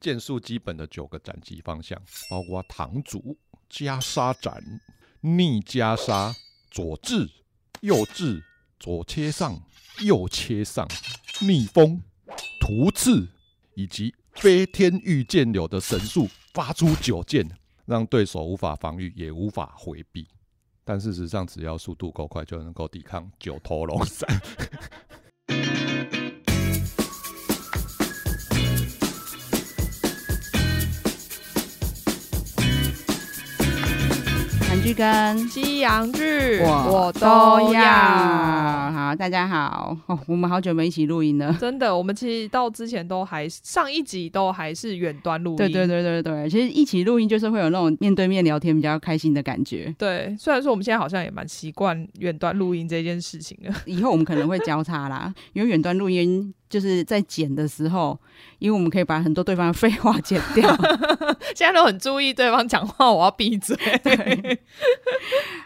劍術基本的九個斬擊方向，包括唐竹、袈裟斬、逆袈裟、左薙、右薙、左切上、右切上、逆風、突刺，以及飛天御劍流的神術，發出九劍，讓對手無法防禦也無法回避。但事實上，只要速度夠快，就能夠抵抗九頭龍閃。跟西洋劇，我都要。好，大家好，哦，我們好久沒一起錄音了，真的。我們其實到之前都還上一集都還是遠端錄音，對對對對對。其實一起錄音就是會有那種面對面聊天比較開心的感覺。對，雖然說我們現在好像也蠻習慣遠端錄音這件事情的，以後我們可能會交叉啦，因為遠端錄音。就是在剪的時候，因為我們可以把很多對方的廢話剪掉。 現在都很注意對方講話，我要閉嘴。對。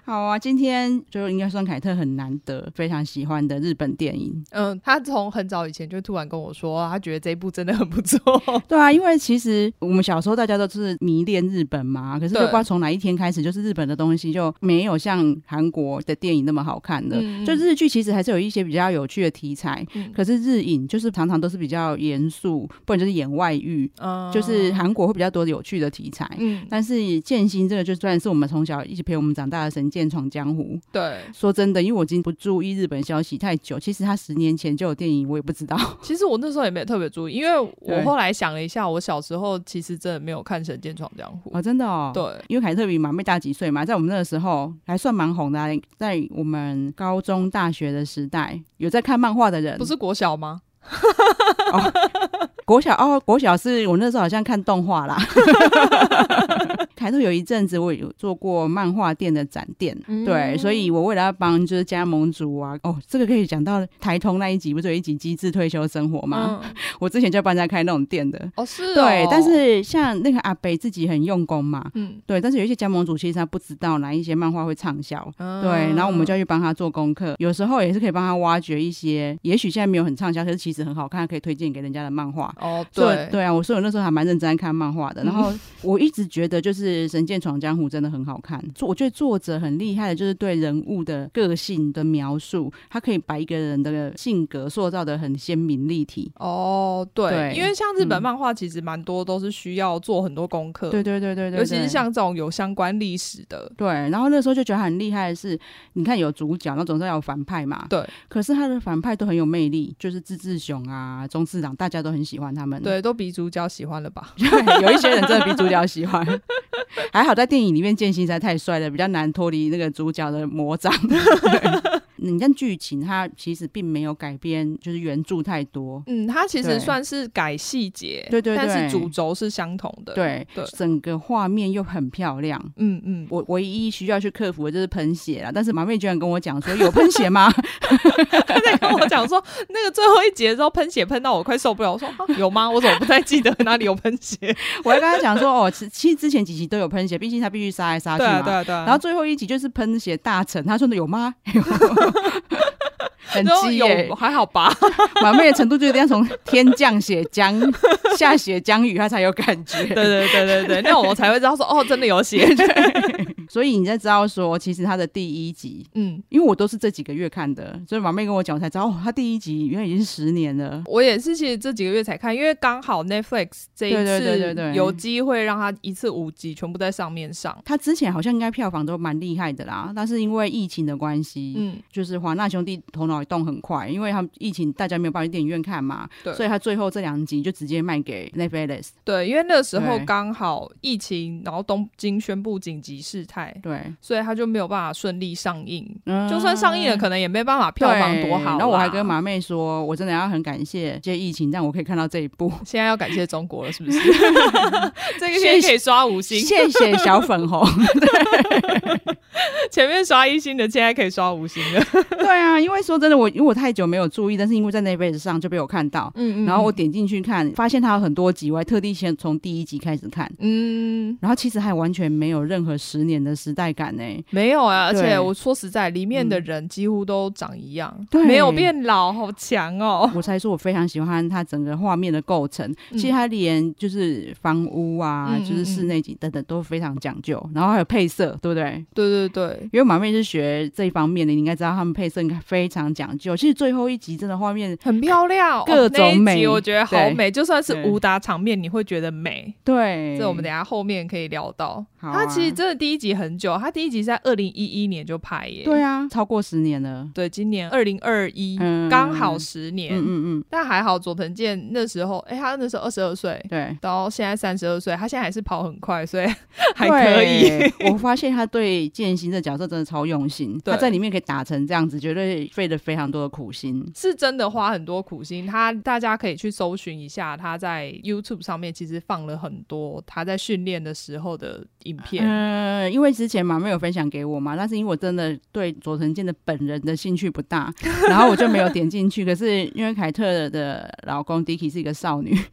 好啊，今天就應該算凱特很難得，非常喜歡的日本電影。嗯，他從很早以前就突然跟我說，他覺得這一部真的很不錯。對啊，因為其實我們小時候大家都是迷戀日本嘛，可是就不知道從哪一天開始，就是日本的東西就沒有像韓國的電影那麼好看了。嗯嗯，就日劇其實還是有一些比較有趣的題材，嗯，可是日影。就是常常都是比較嚴肅，不然就是演外遇。嗯，就是韓國會比較多的有趣的題材。嗯，但是劍心這個就算是我們從小一起陪我們長大的《神劍闖江湖》。對，說真的，因為我已經不注意日本消息太久，其實他十年前就有電影，我也不知道。其實我那時候也沒有特別注意，因為我後來想了一下，我小時候其實真的沒有看《神劍闖江湖》啊。哦，真的哦。對，因為凱特比馬妹大幾歲嘛，在我們那個時候還算蠻紅的。啊，在我們高中、大學的時代有在看漫畫的人，不是國小嗎？哈哈哈哈哈，國小哦？國小是我那時候好像看動畫啦。 台中有一陣子，我有做過漫畫店的展店、嗯，對，所以我為了要幫，就是加盟主啊，哦，這個可以講到台通那一集，不是有一集機智退休生活嗎？嗯、 我之前就幫人家開那種店的，哦，是哦，對。但是像那個阿北自己很用功嘛，嗯，對。但是有一些加盟主，其實他不知道哪一些漫畫會暢銷、嗯，對。然後我們就要去幫他做功課，有時候也是可以幫他挖掘一些，也許現在沒有很暢銷，可是其實很好看，可以推薦給人家的漫畫。哦，對，對啊。我說我那時候還蠻認真看，看漫畫的，然後、嗯、我一直覺得就是。《神劍闖江湖》真的很好看，作我覺得作者很厲害的，就是對人物的個性的描述，他可以把一個人的性格塑造的很鮮明立體。哦、oh，對，因為像日本漫畫，其實蠻多、嗯、都是需要做很多功課。對對，對對對對對，尤其是像這種有相關歷史的。對，然後那時候就覺得很厲害的是，你看有主角，那總是要有反派嘛。對。可是他的反派都很有魅力，就是志志雄啊、宗次郎，大家都很喜歡他們。對，都比主角喜歡了吧？ 對，有一些人真的比主角喜歡。 還好在電影裡面，劍心實在太帥了，比較難脫離那個主角的魔掌。 你看劇情，它其實並沒有改編，就是原著太多。嗯，它其實算是改細節，對，對對對，但是主軸是相同的。對對，整個畫面又很漂亮。嗯嗯，我唯一需要去克服的就是噴血了。但是馬妹居然跟我講說有噴血嗎？ 他在跟我講說那個最後一集的時候噴血噴到我快受不了。我說，啊，有嗎？我怎麼不太記得哪裡有噴血？ 我還跟他講說哦，其實之前幾集都有噴血，畢竟他必須殺來殺去嘛。對啊對啊對啊，然後最後一集就是噴血大成。他說的有嗎？有。 很雞耶、欸，還好吧？ 完美的程度就有點像從天降血漿，下雪、降雨，他才有感覺。 對對對對對， 那我才會知道說， 哦，真的有雪。對 所以你才知道說，其實他的第一集，嗯，因為我都是這幾個月看的，所以馬妹跟我講，我才知道哦，他第一集原來已經十年了。我也是，其實這幾個月才看，因為剛好 Netflix 這一次對對對對對對，有機會讓他一次五集全部在上面上。他之前好像應該票房都蠻厲害的啦，但是因為疫情的關係，嗯，就是華納兄弟頭腦一動很快，因為他們疫情大家沒有辦法去電影院看嘛，對，所以他最後這兩集就直接賣。給 Netflix 對，因為那個時候剛好疫情，然後東京宣布緊急事態，對，所以他就沒有辦法順利上映，嗯。就算上映了，可能也沒辦法票房多好。然後我還跟馬妹說，我真的要很感謝這疫情，讓我可以看到這一部。現在要感謝中國了，是不是？ 這個先可以刷五星，謝謝，謝謝小粉紅。 對。前面刷一星的，現在可以刷五星的。 對啊，因為說真的，我因為我太久沒有注意，但是因為在那輩子上就被我看到，嗯嗯，然後我點進去看，發現它有很多集，我還特地先從第一集開始看，嗯，然後其實還完全沒有任何十年的時代感呢、欸，沒有啊，而且我說實在，裡面的人幾乎都長一樣，對、嗯，沒有變老，好強哦、喔！我才說，我非常喜歡它整個畫面的構成，嗯、其實它連就是房屋啊，嗯、就是室內景等等都非常講究、嗯，然後還有配色，對不對？對對、對。對對，因為馬妹是學這一方面的，你應該知道他們配色應該非常講究。其實最後一集真的畫面很漂亮，各種美，我覺得好美。就算是武打場面，你會覺得美。對，這我們等一下後面可以聊到，啊。他其實真的第一集很久，他第一集是在二零一一年就拍耶，對啊，超過十年了。對，今年二零二一，剛好十年。嗯，嗯嗯，但還好佐藤健那時候，哎，欸，他那時候二十二歲，對，到現在三十二歲，他現在還是跑很快，所以還可以。我發現他對健心的角色真的超用心，他在裡面可以打成這樣子，絕對費了非常多的苦心，是真的花很多苦心。他大家可以去搜尋一下，他在 YouTube 上面其實放了很多他在訓練的時候的影片。嗯、呃，因為之前嘛，沒有分享給我嘛，但是因為我真的對佐藤健的本人的興趣不大，然後我就沒有點進去。 可是因為凱特的老公 Dicky 是一個少女。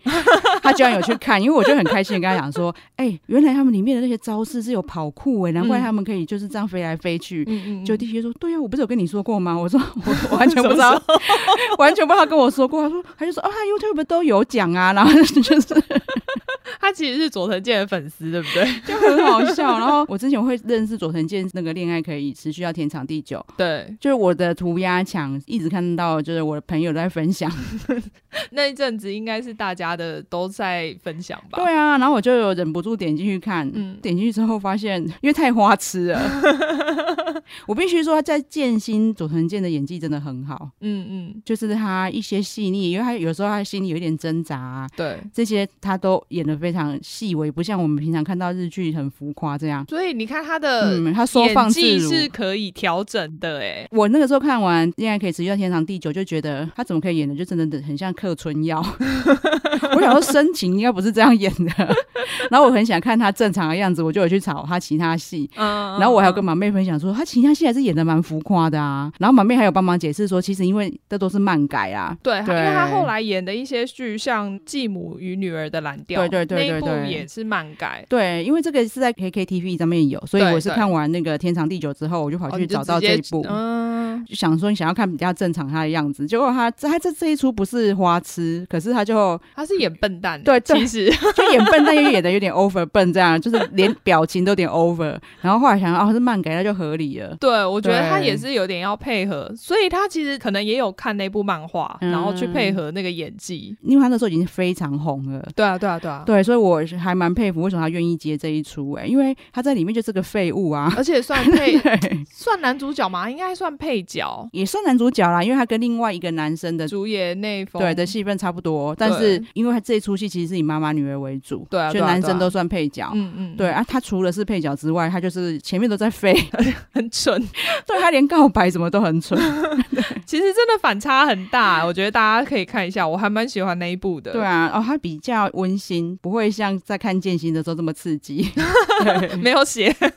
他居然有去看，因為我就很開心，跟他講說：“哎、欸，原來他們裡面的那些招式是有跑酷哎、欸，難怪他們可以就是這樣飛來飛去。嗯”就弟弟說：“對呀、啊，我不是有跟你說過嗎？”我說：“我完全不知道， 完全不知道。”他跟我說過，他說他就說：“啊、哦、，YouTube 都有講啊。”然後就是 他其實是佐藤健的粉絲，對不對？ 就很好笑。然後我之前會認識佐藤健，那個戀愛可以持續到天長地久。對，就是我的塗鴉牆一直看到，就是我的朋友都在分享 那一陣子，應該是大家的都。在分享吧。對啊，然後我就忍不住點進去看，嗯，點進去之後發現，因為太花痴了， 我必須說，他在劍心佐藤健的演技真的很好，嗯嗯，就是他一些細膩，因為他有的時候他的心裡有一點掙扎、啊，對，這些他都演得非常細微，不像我們平常看到日劇很浮誇這樣。所以你看他的、嗯，他收放自如，演技是可以調整的哎、欸。我那個時候看完，竟然可以持續到天長地久，就覺得他怎麼可以演的，就真的很像客春要， 我想說真情應該不是這樣演的 然後我很想看他正常的樣子，我就有去找他其他戲。嗯,嗯，嗯嗯、然後我還有跟馬妹分享說，他其他戲還是演的蠻浮誇的啊。然後馬妹還有幫忙解釋說，其實因為這都是漫改啊對。對，因為他後來演的一些劇，像《繼母與女兒的藍調》，對對對對，對，也是漫改。對，因為這個是在 K K T V 上面有，所以我是看完那個《天長地久》之後，我就跑去找到這一部，嗯、哦，就就想說你想要看比較正常他的樣子。嗯、結果他,他這這這一出不是花痴，可是他就他是演笨蛋。對，對，其實就演笨蛋，又演的有點 over 笨，這樣 就是連表情都有點 over。然後後來想想，哦，是漫改，那就合理了。對，我覺得他也是有點要配合，所以他其實可能也有看那部漫畫，然後去配合那個演技，嗯。因為他那時候已經非常紅了。對啊，對啊，對啊。對，所以我還蠻佩服，為什麼他願意接這一出？哎，因為他在裡面就是個廢物啊，而且算配， 算男主角嘛，應該算配角，也算男主角啦，因為他跟另外一個男生的主演內對的戲份差不多，但是因為他這一出。其實是以媽媽女兒為主，對，啊，啊啊，就男生都算配角。嗯嗯，對啊，對啊，他除了是配角之外，他就是前面都在飛， 很蠢。 對他連告白什麼都很蠢， 其實真的反差很大。 我覺得大家可以看一下，我還蠻喜歡那一部的。對啊，哦，他比較溫馨，不會像在看劍心的時候這麼刺激， 對 沒有血寫。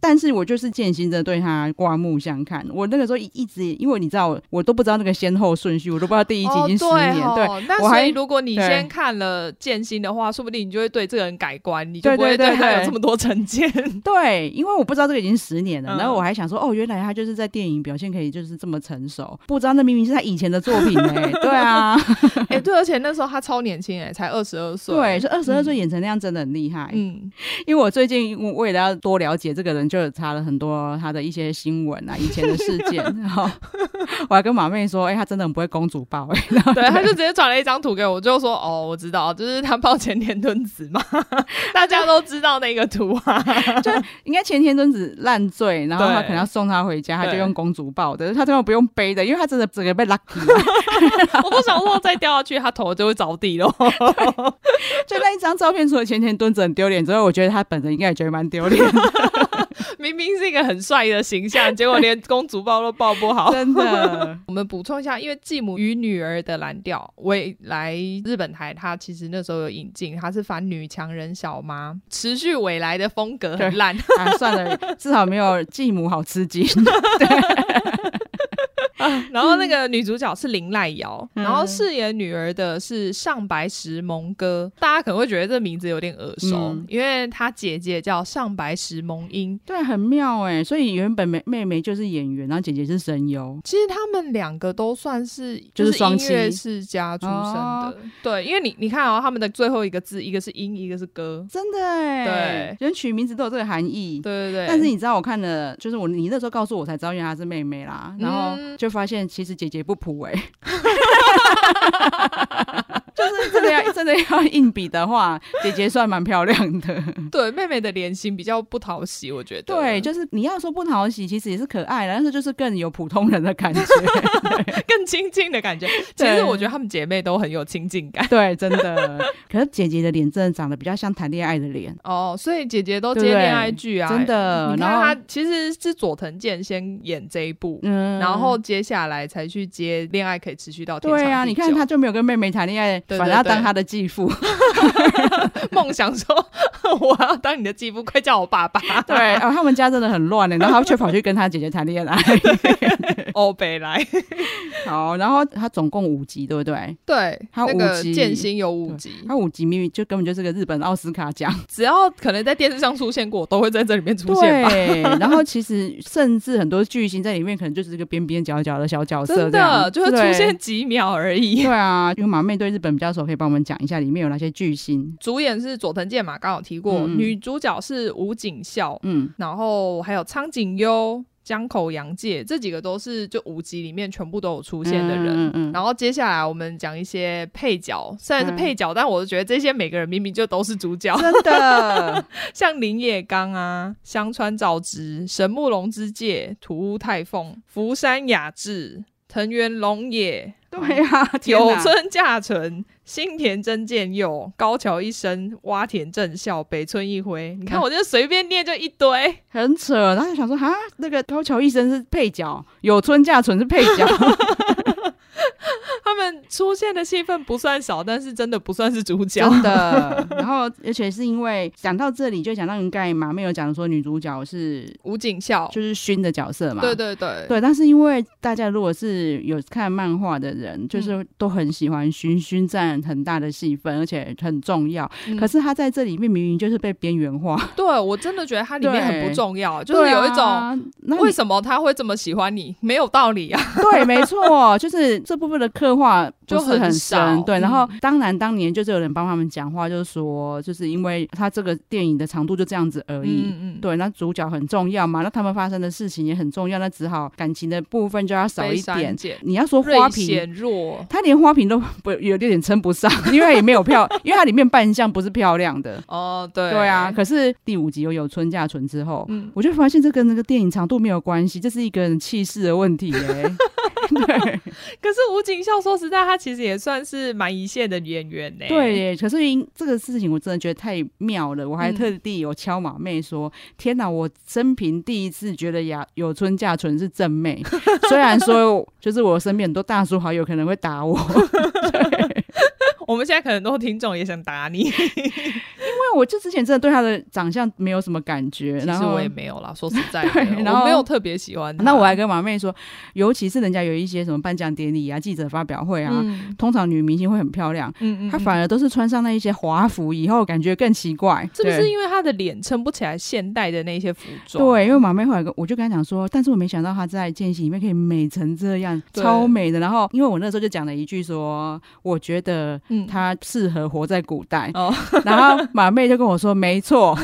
但是我就是劍心的對他刮目相看。我那個時候一一直，因為你知道我，我都不知道那個先後順序，我都不知道第一集已經十年，哦對哦。對，那所以我還如果你先看。看了劍心的話，說不定你就會對這個人改觀，你就不會對他有這麼多成見。對,對,對,對, 對，因為我不知道這個已經十年了、嗯。然後我還想說，哦，原來他就是在電影表現可以就是這麼成熟。不知道那明明是他以前的作品哎、欸， 對啊，哎、欸，對, 對，而且那時候他超年輕哎、欸，才二十二歲，對，就二十二歲演成那樣真的很厲害。嗯，因為我最近我為了要多了解這個人，就有查了很多他的一些新聞啊，以前的事件。 然後 我還跟馬妹說，哎、欸，他真的很不會公主抱哎、欸。然後對， 他就直接轉了一張圖給我，就說，哦，我。知道，就是他抱前田敦子嘛， 大家都知道那個圖啊， 就應該前田敦子爛醉，然後他可能要送他回家，他就用公主抱的，他這樣不用背的，因為他真的整個被 lucky， 我不想如果再掉下去， 他頭就會着地咯 。就那一張照片，除了前田敦子很丟臉之外，所以我覺得他本人應該也覺得蠻丟臉。 明明是一個很帥的形象，結果連公主抱都抱不好。 真的， 我們補充一下，因為《繼母與女兒》的藍調，緯來日本台，她其實那時候有引進，她是反女強人小媽，持續緯來的風格很爛，對啊、算了， 至少沒有繼母好吃驚。 啊、然後那個女主角是林瀨瑤、嗯，然後飾演女兒的是上白石萌歌，大家可能會覺得這名字有點耳熟，嗯、因為她姐姐叫上白石萌音，對，很妙哎、欸，所以原本妹妹妹就是演員，然後姐姐是聲優，其實他們兩個都算是就是音樂世家出生的，就是哦、對，因為你你看哦、喔，他們的最後一個字一個是音，一個是歌，真的、欸，對，人取名字都有這個含義，對對對，但是你知道我看了，就是我你那時候告訴我才知道原來是妹妹啦，然後就。發現其實姐姐不普為。就是真的要真的要硬比的話，姐姐算蠻漂亮的。 對，妹妹的臉型比較不討喜，我覺得。對，就是你要說不討喜，其實也是可愛的，但是就是更有普通人的感覺，對 更親近的感覺。其實我覺得她們姐妹都很有親近感。對， 對，真的。可是姐姐的臉真的長得比較像談戀愛的臉哦，oh，所以姐姐都接戀愛劇啊。真的，嗯、然後她其實是佐藤健先演這一部，嗯、然後接下來才去接戀愛，可以持續到天長地久。對啊。你看她就沒有跟妹妹談戀愛。反正要當他的繼父，夢 想說我要當你的繼父，快叫我爸爸。對， 對、啊、他們家真的很亂嘞，然後他卻跑去跟他姐姐談戀愛。歐北來，好，然後他總共五集，對不對？對，他五集《劍心》有五集，他五集明明就根本就是個日本奧斯卡獎，只要可能在電視上出現過，都會在這裡面出現。對， 然後其實甚至很多巨星在裡面，可能就是一個邊邊角角的小角色，真的對就會出現幾秒而已。對啊，因為馬妹對日本。比較熟，可以幫我們講一下裡面有哪些巨星？主演是佐藤健嘛，剛好提過、嗯。女主角是武井咲，嗯，然後還有蒼井優、江口洋介這幾個都是就五集裡面全部都有出現的人。嗯嗯嗯嗯然後接下來我們講一些配角，雖然是配角、嗯，但我覺得這些每個人明明就都是主角，真的。 像綾野剛啊、香川照之、神木隆之介、土屋太鳳、福山雅治、藤原龍也。對呀、啊哦，有村架純、新田真劍佑、高橋一生、窪田正孝、北村一輝，你看，我就隨便念就一堆，很扯。然後就想說，哈，那個高橋一生是配角，有村架純是配角。 出現的戲份不算少，但是真的不算是主角。真的， 然後而且是因為講到這裡，就講到應該嘛，沒有講說女主角是武井咲，就是熏的角色嘛。對對對對，但是因為大家如果是有看漫畫的人，就是都很喜歡熏熏，占很大的戲份，嗯，而且很重要，嗯。可是他在這裡面明明就是被邊緣化。對，我真的覺得他裡面很不重要，就是有一種、啊，那為什麼他會這麼喜歡你，沒有道理啊。對，沒錯，哦，就是這部分的刻畫。 就很是很深，對。然後當然，當年就是有人幫他們講話，就是說，就是因為他這個電影的長度就這樣子而已。嗯嗯。對，那主角很重要嘛，那他們發生的事情也很重要，那只好感情的部分就要少一點。你要說花瓶，他連花瓶都不有點撐不上，因為他也沒有漂， 因為它裡面扮相不是漂亮的。哦，對。對啊，可是第五集又有有村架純之後、嗯，我就發現這跟那個電影長度沒有關係，這是一個人氣勢的問題哎、欸。 對。可是吳景笑說。說實在，他其實也算是蠻一線的演員嘞、欸。對、欸，可是因這個事情，我真的覺得太妙了。我還特地有敲馬妹說：“嗯、天哪，我生平第一次覺得有村架純是正妹。 ”雖然說，就是我身邊很多大叔好友可能會打我。 對 我們現在可能很多聽眾也想打你。 我就之前真的對她的長相沒有什麼感覺，其實我也沒有了，說實在的， 然後沒有特別喜歡她，啊。那我還跟馬妹說，尤其是人家有一些什麼頒獎典禮啊、記者發表會啊、嗯，通常女明星會很漂亮，嗯嗯嗯，她反而都是穿上那一些華服以後，感覺更奇怪，嗯嗯，是不是因為她的臉撐不起來現代的那些服裝？對，因為馬妹後來跟我就跟她講說，但是我沒想到她在劍心裡面可以美成這樣，超美的。然後因為我那時候就講了一句說，我覺得她適合活在古代。嗯、然後馬妹。就跟我說沒，沒錯，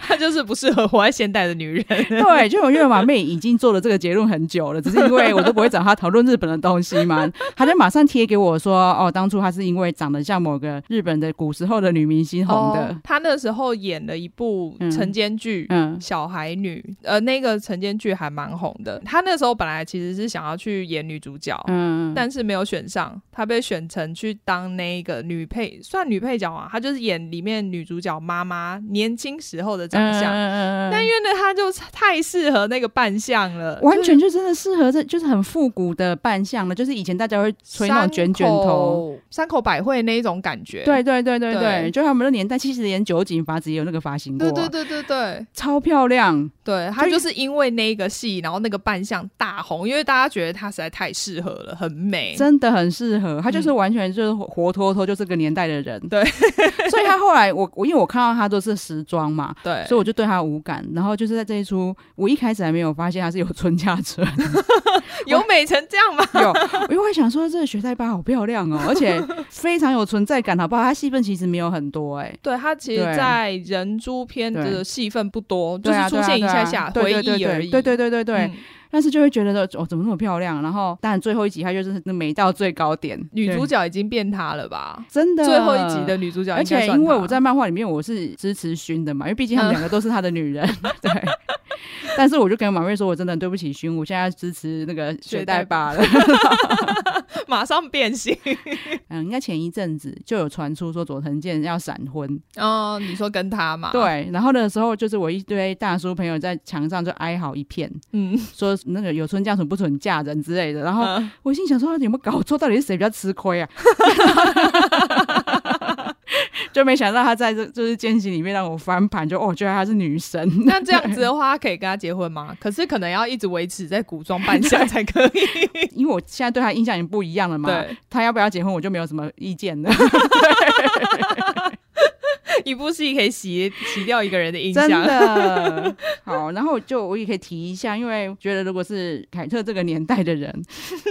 她就是不適合活在現代的女人。 對，就因為馬妹已經做了這個結論很久了，只是因為我都不會找她討論日本的東西嘛， 她就馬上貼給我說：“哦，當初她是因為長得像某個日本的古時候的女明星紅的。哦，她那時候演了一部晨間劇，小孩女，呃，那個晨間劇還蠻紅的。她那時候本來其實是想要去演女主角，嗯，但是沒有選上，她被選成去當那個女配，算女配角啊。她就是演裡面女。主角媽媽年輕時候的長相，嗯、但因為呢，她就太適合那個扮相了，完全就真的適合這，這就是很復古的扮相了。就是以前大家會吹那種卷卷頭，山口，山口百惠那一種感覺。對對對對對，對就是他們那年代七十年，酒井法子也有那個髮型的。對對對對對，超漂亮。對，她就是因為那個戲，然後那個扮相大紅，因為大家覺得她實在太適合了，很美，真的很適合。她就是完全就是活脫脫就這個年代的人。對，所以她後來我。 因為我看到他都是時裝嘛，對，所以我就對他無感。然後就是在這一出，我一開始還沒有發現他是有村架純， 有美成這樣嗎？有，我因為想說這個雪代巴好漂亮哦、喔， 而且非常有存在感，好不好？他戲份其實沒有很多哎、欸，對他其實，在人誅篇的戲份不多，就是出現一下下回憶而已。對對對對對對對。嗯但是就會覺得說哦，怎麼那麼漂亮？然後但最後一集他就是美到最高點，女主角已經變她了吧？真的，最後一集的女主角。而且因為我在漫畫裡面我是支持薰的嘛，因為畢竟他們兩個都是他的女人。嗯、對。 但是我就跟馬妹說，我真的對不起薰，我現在要支持那個雪代巴了。 馬上變心。 嗯，應該前一陣子就有傳出說佐藤健要閃婚。哦，你說跟他嘛？對。然後的時候就是我一堆大叔朋友在牆上就哀嚎一片。嗯。說。那個有村架純不准嫁人之類的，然後我心想說有沒有搞錯？到底是誰比較吃虧啊？ 就沒想到他在這就是劍心裡面讓我翻盤，就哦，我覺得他是女神。那這樣子的話， 可以跟他結婚嗎？可是可能要一直維持在古裝扮相才可以， 因為我現在對他印象已經不一樣了嘛。她他要不要結婚，我就沒有什麼意見了。 一部戲可以洗洗掉一個人的印象，真的好。然後就我也可以提一下，因為覺得如果是凱特這個年代的人，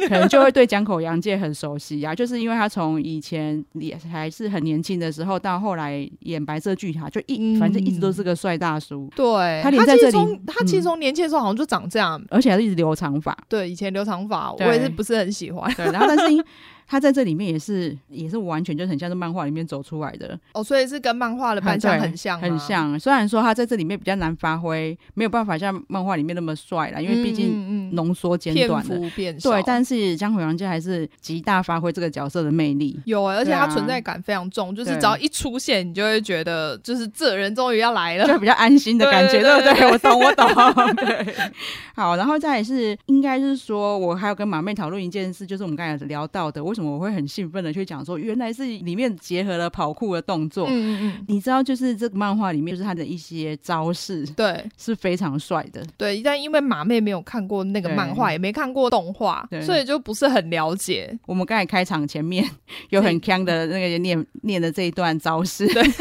可能就會對江口洋介很熟悉啊。 就是因為他從以前也還是很年輕的時候，到後來演白色巨塔，就一、嗯、反正一直都是個帥大叔。對，他其實從他其實從、嗯、年輕的時候好像就長這樣，而且還是一直留長髮。對，以前留長髮，我也是不是很喜歡。對，對然後但是。 他在這裡面也是也是完全就很像是漫畫裡面走出來的哦，所以是跟漫畫的扮相很像很像。雖然說他在這裡面比較難發揮，沒有辦法像漫畫裡面那麼帥啦，因為畢竟嗯嗯嗯嗯。濃縮簡短的，對，但是江口洋介就還是極大發揮這個角色的魅力。有、欸，而且他存在感非常重，啊、就是只要一出現，你就會覺得就是這人終於要來了，就比較安心的感覺，對不對，對，對，對，對，對，對？我懂，我懂 對。好，然後再來是，應該是說我還要跟馬妹討論一件事，就是我們剛才聊到的，為什麼我會很興奮的去講說，原來是裡面結合了跑酷的動作。嗯嗯嗯，你知道，就是這個漫畫裡面就是他的一些招式，對，是非常帥的。對，但因為馬妹沒有看過那個。一個漫畫也沒看過動畫，所以就不是很了解。我們剛才開場前面有很嗆的那個念念的這一段招式，對對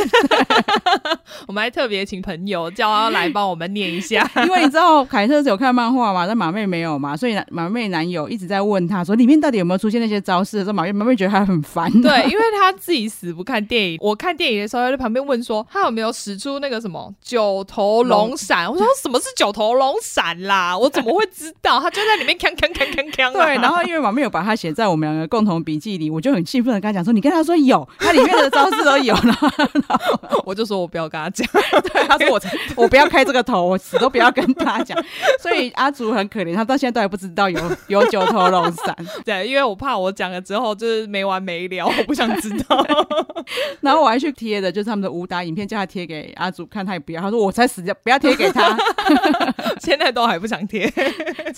我們還特別請朋友叫他來幫我們念一下，因為你知道凱特是有看漫畫嘛， 但馬妹沒有嘛，所以馬妹男友一直在問他說裡面到底有沒有出現那些招式的時候，說馬妹馬妹覺得他很煩，對，因為他自己死不看電影。我看電影的時候他在旁邊問說他有沒有使出那個什麼九頭龍閃，我說什麼是九頭龍閃啦，我怎麼會知道？ 好，他就在裡面鏘鏘鏘，對，然後因為我沒有把它寫在我們兩個共同筆記裡，我就很興奮的跟他講說：“你跟他說有，他裡面的招式都有了。 然後”然後我就說我不要跟他講，對，他說我才，我不要開這個頭，我死都不要跟他講。所以阿祖很可憐，他到現在都還不知道有有九頭龍散。對，因為我怕我講了之後就是沒完沒了，我不想知道。然後我還去貼的，就是他們的武打影片，叫他貼給阿祖看，他也不要，他說我才死掉，不要貼給他， 現在都還不想貼。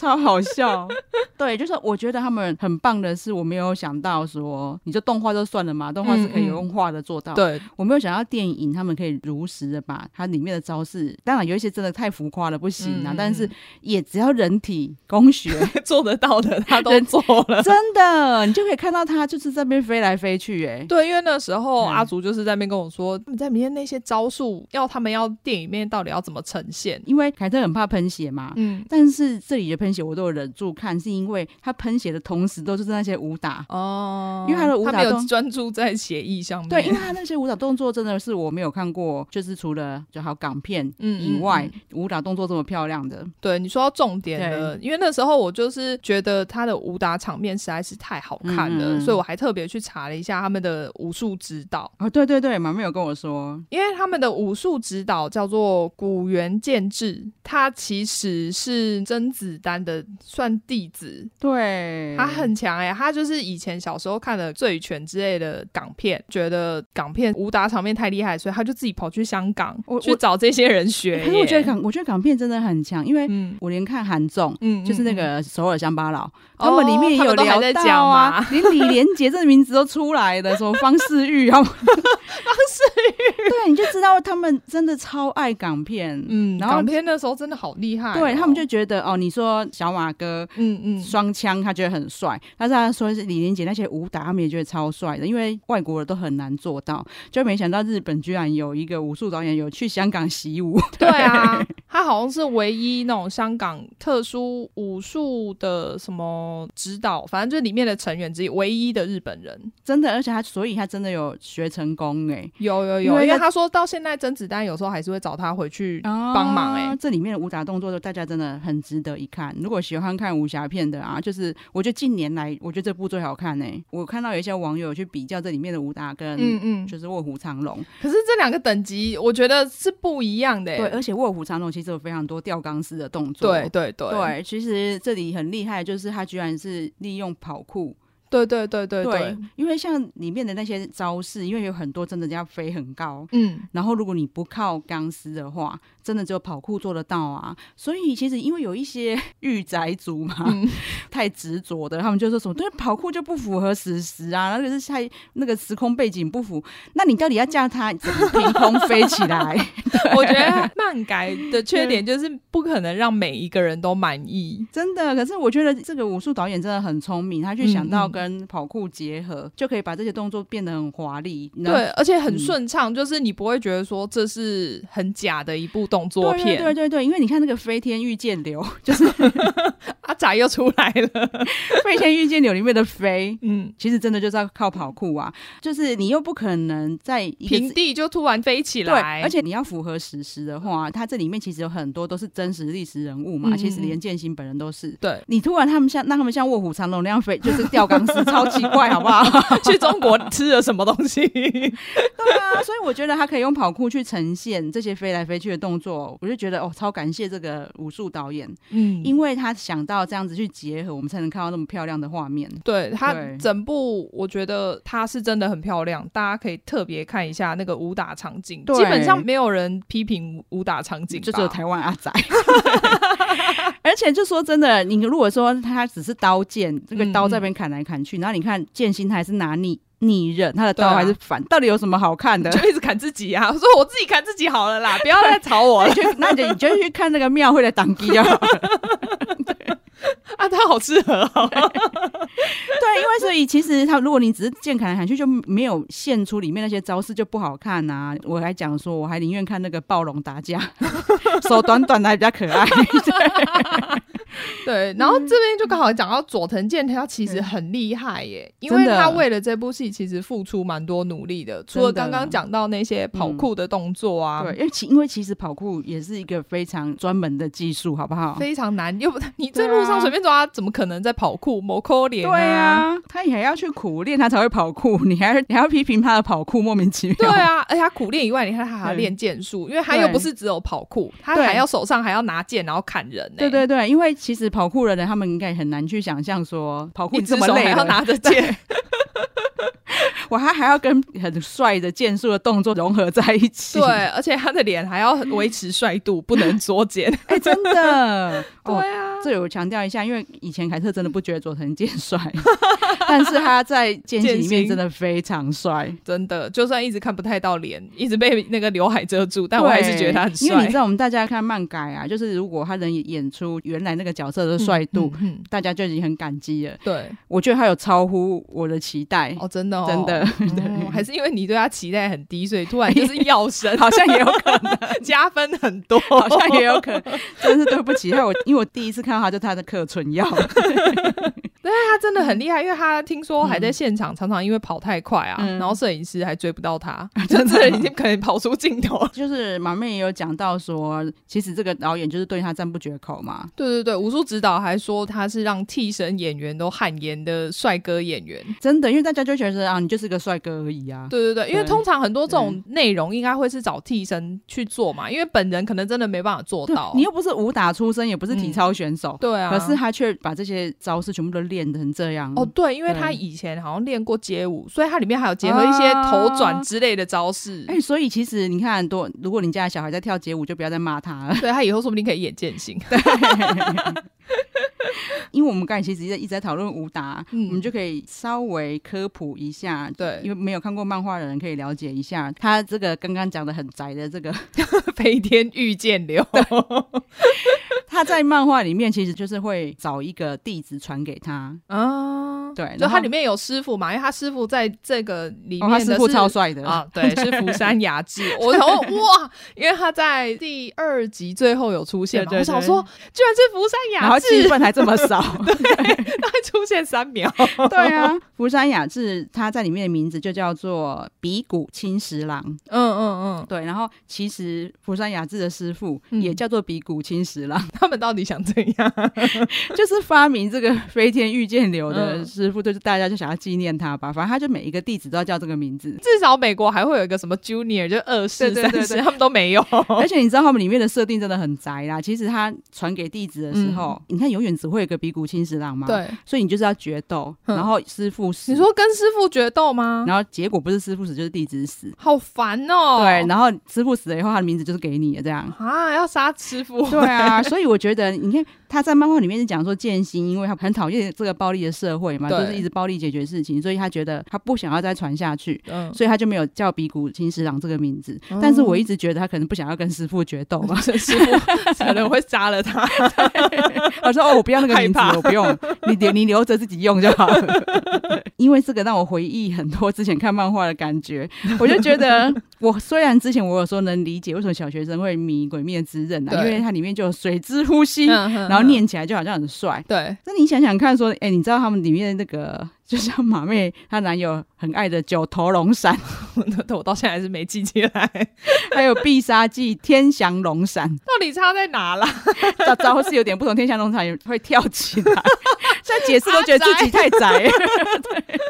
超好笑， 對，就是我覺得他們很棒的是，我沒有想到說，你就動畫就算了嘛，動畫是可以用畫的做到嗯嗯。對，我沒有想到電影他們可以如實的把它裡面的招式，當然有一些真的太浮誇了不行啊，嗯嗯嗯，但是也只要人體工學 做得到的，他都做了。真的，你就可以看到他就是在那邊飛來飛去、欸，哎，對，因為那時候阿祖就是在那邊跟我說，嗯、你在裡面那些招數要他們要電影面到底要怎麼呈現，因為凱特很怕噴血嘛，嗯，但是這裡的噴。我都有忍住看，是因為他噴血的同時都是在那些武打哦，因為他的武打都專注在寫意上面。對，因為他那些武打動作真的是我沒有看過，就是除了就好港片以外，嗯嗯嗯、武打動作這麼漂亮的。對，你說到重點了，因為那時候我就是覺得他的武打場面實在是太好看了，嗯嗯，所以我還特別去查了一下他們的武術指導啊、哦。對對對，媽媽有跟我說，因為他們的武術指導叫做古元建志，他其實是甄子丹的算弟子，對他很強哎、欸，他就是以前小時候看的《醉拳》之類的港片，覺得港片武打場面太厲害，所以他就自己跑去香港，去找這些人學、欸。可是我覺得港，我覺得港片真的很強，因為我連看韓綜、嗯，就是那個《首爾鄉巴佬》嗯嗯嗯。嗯 Oh, 他們裡面也有聊到啊， 連李連杰這個名字都出來的，說方世玉，他們 方世玉裕， 對，你就知道他們真的超愛港片，嗯，然後港片的時候真的好厲害、哦，對他們就覺得哦，你說小馬哥，嗯嗯，雙槍他覺得很帥、嗯嗯，但是他說是李連杰那些武打，他們也覺得超帥的，因為外國人都很難做到，就沒想到日本居然有一個武術導演有去香港習武，對，對啊。他好像是唯一那種香港特殊武術的什麼指導，反正就是裡面的成員之一，唯一的日本人，真的，而且他所以他真的有學成功哎，有，有有有，因為他說到現在甄子丹有時候還是會找他回去幫、啊、忙哎，這裡面的武打動作就大家真的很值得一看，如果喜歡看武俠片的啊，就是我覺得近年來我覺得這部最好看呢。我看到有一些網友去比較這裡面的武打跟嗯嗯，就是《臥虎藏龍》，可是這兩個等級我覺得是不一樣的哎，對，而且《臥虎藏龍》其實。做非常多吊鋼絲的動作。嗯，對對對，對，其實這裡很厲害，就是他居然是利用跑酷，對對對對對，對，因為像裡面的那些招式，因為有很多真的要飛很高，嗯，然後如果你不靠鋼絲的話，真的只有跑酷做得到啊！所以其實因為有一些御宅族嘛，嗯、太執着的，他們就說什麼，對，跑酷就不符合史實啊，或者是太那個時空背景不符。那你到底要架他怎麼憑空飛起來？ 我覺得漫改的缺點就是不可能讓每一個人都滿意，真的。可是我覺得這個武術導演真的很聰明，他去想到跟跑酷結合嗯嗯，就可以把這些動作變得很華麗，對，而且很順暢，嗯，就是你不會覺得說，這是很假的一部。動作片，對，對對對，因為你看那個《飛天御劍流》，就是阿宅、 啊、又出來了。《飛天御劍流》裡面的飛，嗯，其實真的就是要靠跑酷啊。就是你又不可能在平地就突然飛起來，而且你要符合史實的話，它這裡面其實有很多都是真實歷史人物嘛。嗯、其實連劍心本人都是。對，你突然他們像讓他們像臥虎藏龍那樣飛，就是吊鋼絲， 超奇怪，好不好？去中國吃了什麼東西？ 對啊，所以我覺得他可以用跑酷去呈現這些飛來飛去的動作。做我就覺得哦，超感謝這個武術導演，嗯，因為他想到這樣子去結合，我們才能看到那麼漂亮的畫面。對，對他整部我覺得他是真的很漂亮，大家可以特別看一下那個武打場景，基本上沒有人批評武打場景，就只有台灣阿宅。 而且就說真的，你如果說他只是刀劍、嗯，這個刀這邊砍來砍去，然後你看劍心還是拿你。你忍，他的刀，還是反、啊，到底有什麼好看的？就一直砍自己啊！我說我自己砍自己好了啦，不要再吵我了。 就那你就去看那個廟會的打架， 對啊，他好適合啊、哦。對，因為所以其實他，如果你只是見砍來砍去，就沒有現出裡面那些招式，就不好看啊。我還講說，我還寧願看那個暴龍打架， 手短短的還比較可愛。 對 對，然後這邊就剛好講到佐藤健，他其實很厲害耶、嗯，因為他為了這部戲其實付出蠻多努力的。的除了剛剛講到那些跑酷的動作啊，嗯、對，因為因為其實跑酷也是一個非常專門的技術，好不好、嗯？非常難，又不，你在路上隨便抓，怎麼可能在跑酷？某扣臉，對啊，他也還要去苦練，他才會跑酷。你還你還要批評他的跑酷莫名其妙？對啊，而且他苦練以外，你看他還還要練劍術，因為他又不是只有跑酷，他還要手上還要拿劍然後砍人、欸。對對對，因為。其實跑酷的人，他們應該很難去想象說跑酷你這麼累，還要拿着劍，我還還要跟很帥的劍術的動作融合在一起。對，而且他的臉還要維持帥度， 不能縮減。哎，真的、 哦，對啊。這裡我強調一下，因為以前凱特真的不覺得佐藤健帥， 但是他在劍心裡面真的非常帥，真的，就算一直看不太到臉，一直被那個劉海遮住，但我還是覺得他很帥。因為你知道，我們大家看漫改啊，就是如果他能演出原來那個角色的帥度，嗯嗯嗯，大家就已經很感激了。對，我覺得他有超乎我的期待。哦，真的，哦，真的，嗯對嗯，還是因為你對他期待很低，所以突然就是藥神， 好像也有可能 加分很多，好像也有可能。 真是對不起，因為我因為我第一次看到他就他的克存藥。 對他真的很厲害，因為他聽說還在現場，嗯、常常因為跑太快啊，嗯、然後攝影師還追不到他，真的已經可以跑出鏡頭。就是馬妹也有講到說，其實這個導演就是對他贊不絕口嘛。對對對，武術指導還說他是讓替身演員都汗顏的帥哥演員。真的，因為大家就覺得啊，你就是個帥哥而已啊。對對對，因為通常很多這種內容應該會是找替身去做嘛，因為本人可能真的沒辦法做到。你又不是武打出身，也不是體操選手。嗯、對啊。可是他卻把這些招式全部都。練成這樣哦，對，因為他以前好像練過街舞，所以他裡面還有結合一些頭轉之類的招式。哎、啊欸，所以其實你看，多如果你家小孩在跳街舞，就不要再罵他了。對，他以後說不定可以演劍心 對。 因為我們剛才其實一直在討論武打，嗯，我們就可以稍微科普一下，對，因為沒有看過漫畫的人可以了解一下。他這個剛剛講的很宅的這個飛 天御劍流， 他在漫畫裡面其實就是會找一個弟子傳給他啊，哦，對然後，就他裡面有師傅嘛，因為他師傅在這個裡面的是，是、哦、傅超帥的啊，哦，對，是福山雅治。 我頭哇，因為他在第二集最後有出現，對對對對，我想說，居然是福山雅治。對對對氣氛還這麼少。 對笑出現三秒， 對啊，福山雅治他在裡面的名字就叫做比古清十郎，嗯嗯嗯，對，然後其實福山雅治的師父也叫做比古清十郎、嗯，他們到底想怎樣？ 就是發明這個飛天御劍流的師父、嗯，就是大家就想要紀念他吧，反正他就每一個弟子都要叫這個名字，至少美國還會有一個什麼 Junior，就是二世、三世對對對對他們都沒有， 而且你知道他們裡面的設定真的很宅啦，其實他傳給弟子的時候，嗯、你看永遠只會有一個比古清十郎嘛，對。所以你就是要決鬥，然後師傅死。你說跟師傅決鬥嗎？然後結果不是師傅死，就是弟子死。好煩哦、喔。對，然後師傅死了以後，他的名字就是給你的這樣。啊，要殺師傅。 對啊， 所以我覺得你看。他在漫畫裡面是講說劍心，因為他很討厭這個暴力的社會嘛，就是一直暴力解決事情，所以他覺得他不想要再傳下去、嗯，所以他就沒有叫比古清十郎這個名字、嗯。但是我一直覺得他可能不想要跟師傅決鬥嘛，所以師傅可能會殺了他。我 對 說哦，我不要那個名字，我不用你，你留着自己用就好了。 因為這個讓我回憶很多之前看漫畫的感覺， 我就覺得我雖然之前我有說能理解為什麼小學生會迷《鬼滅之刃》啊，因為它裡面就有水之呼吸， 然後。念起來就好像很帥，對。那你想想看，說，哎，你知道他們裡面的那個？就像馬妹她男友很愛的九頭龍閃， 我到現在還是沒記起來。還有必殺技天翔龍閃，到底差在哪了？招式有點不同，天翔龍閃會跳起來。 現在解釋都覺得自己太窄、啊、宅 對。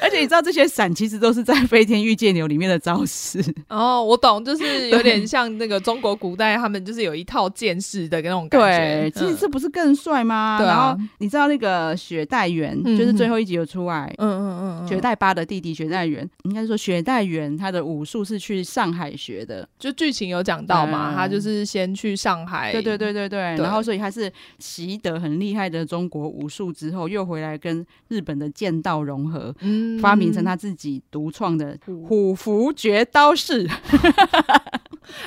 而且你知道這些閃其實都是在飛天御劍流裡面的招式。哦，我懂，就是有點像那個中國古代他們就是有一套劍士的那種感覺。對，其實這不是更帥嗎、嗯？然後你知道那個雪代緣、嗯、就是最後。一集有出來，嗯嗯嗯，雪、嗯、代巴的弟弟雪代緣，應該說雪代緣他的武術是去上海學的，就劇情有講到嘛、嗯，他就是先去上海，對對對對對，對，然後所以他是習得很厲害的中國武術之後，又回來跟日本的劍道融合，嗯，發明成他自己獨創的虎伏絕刀式。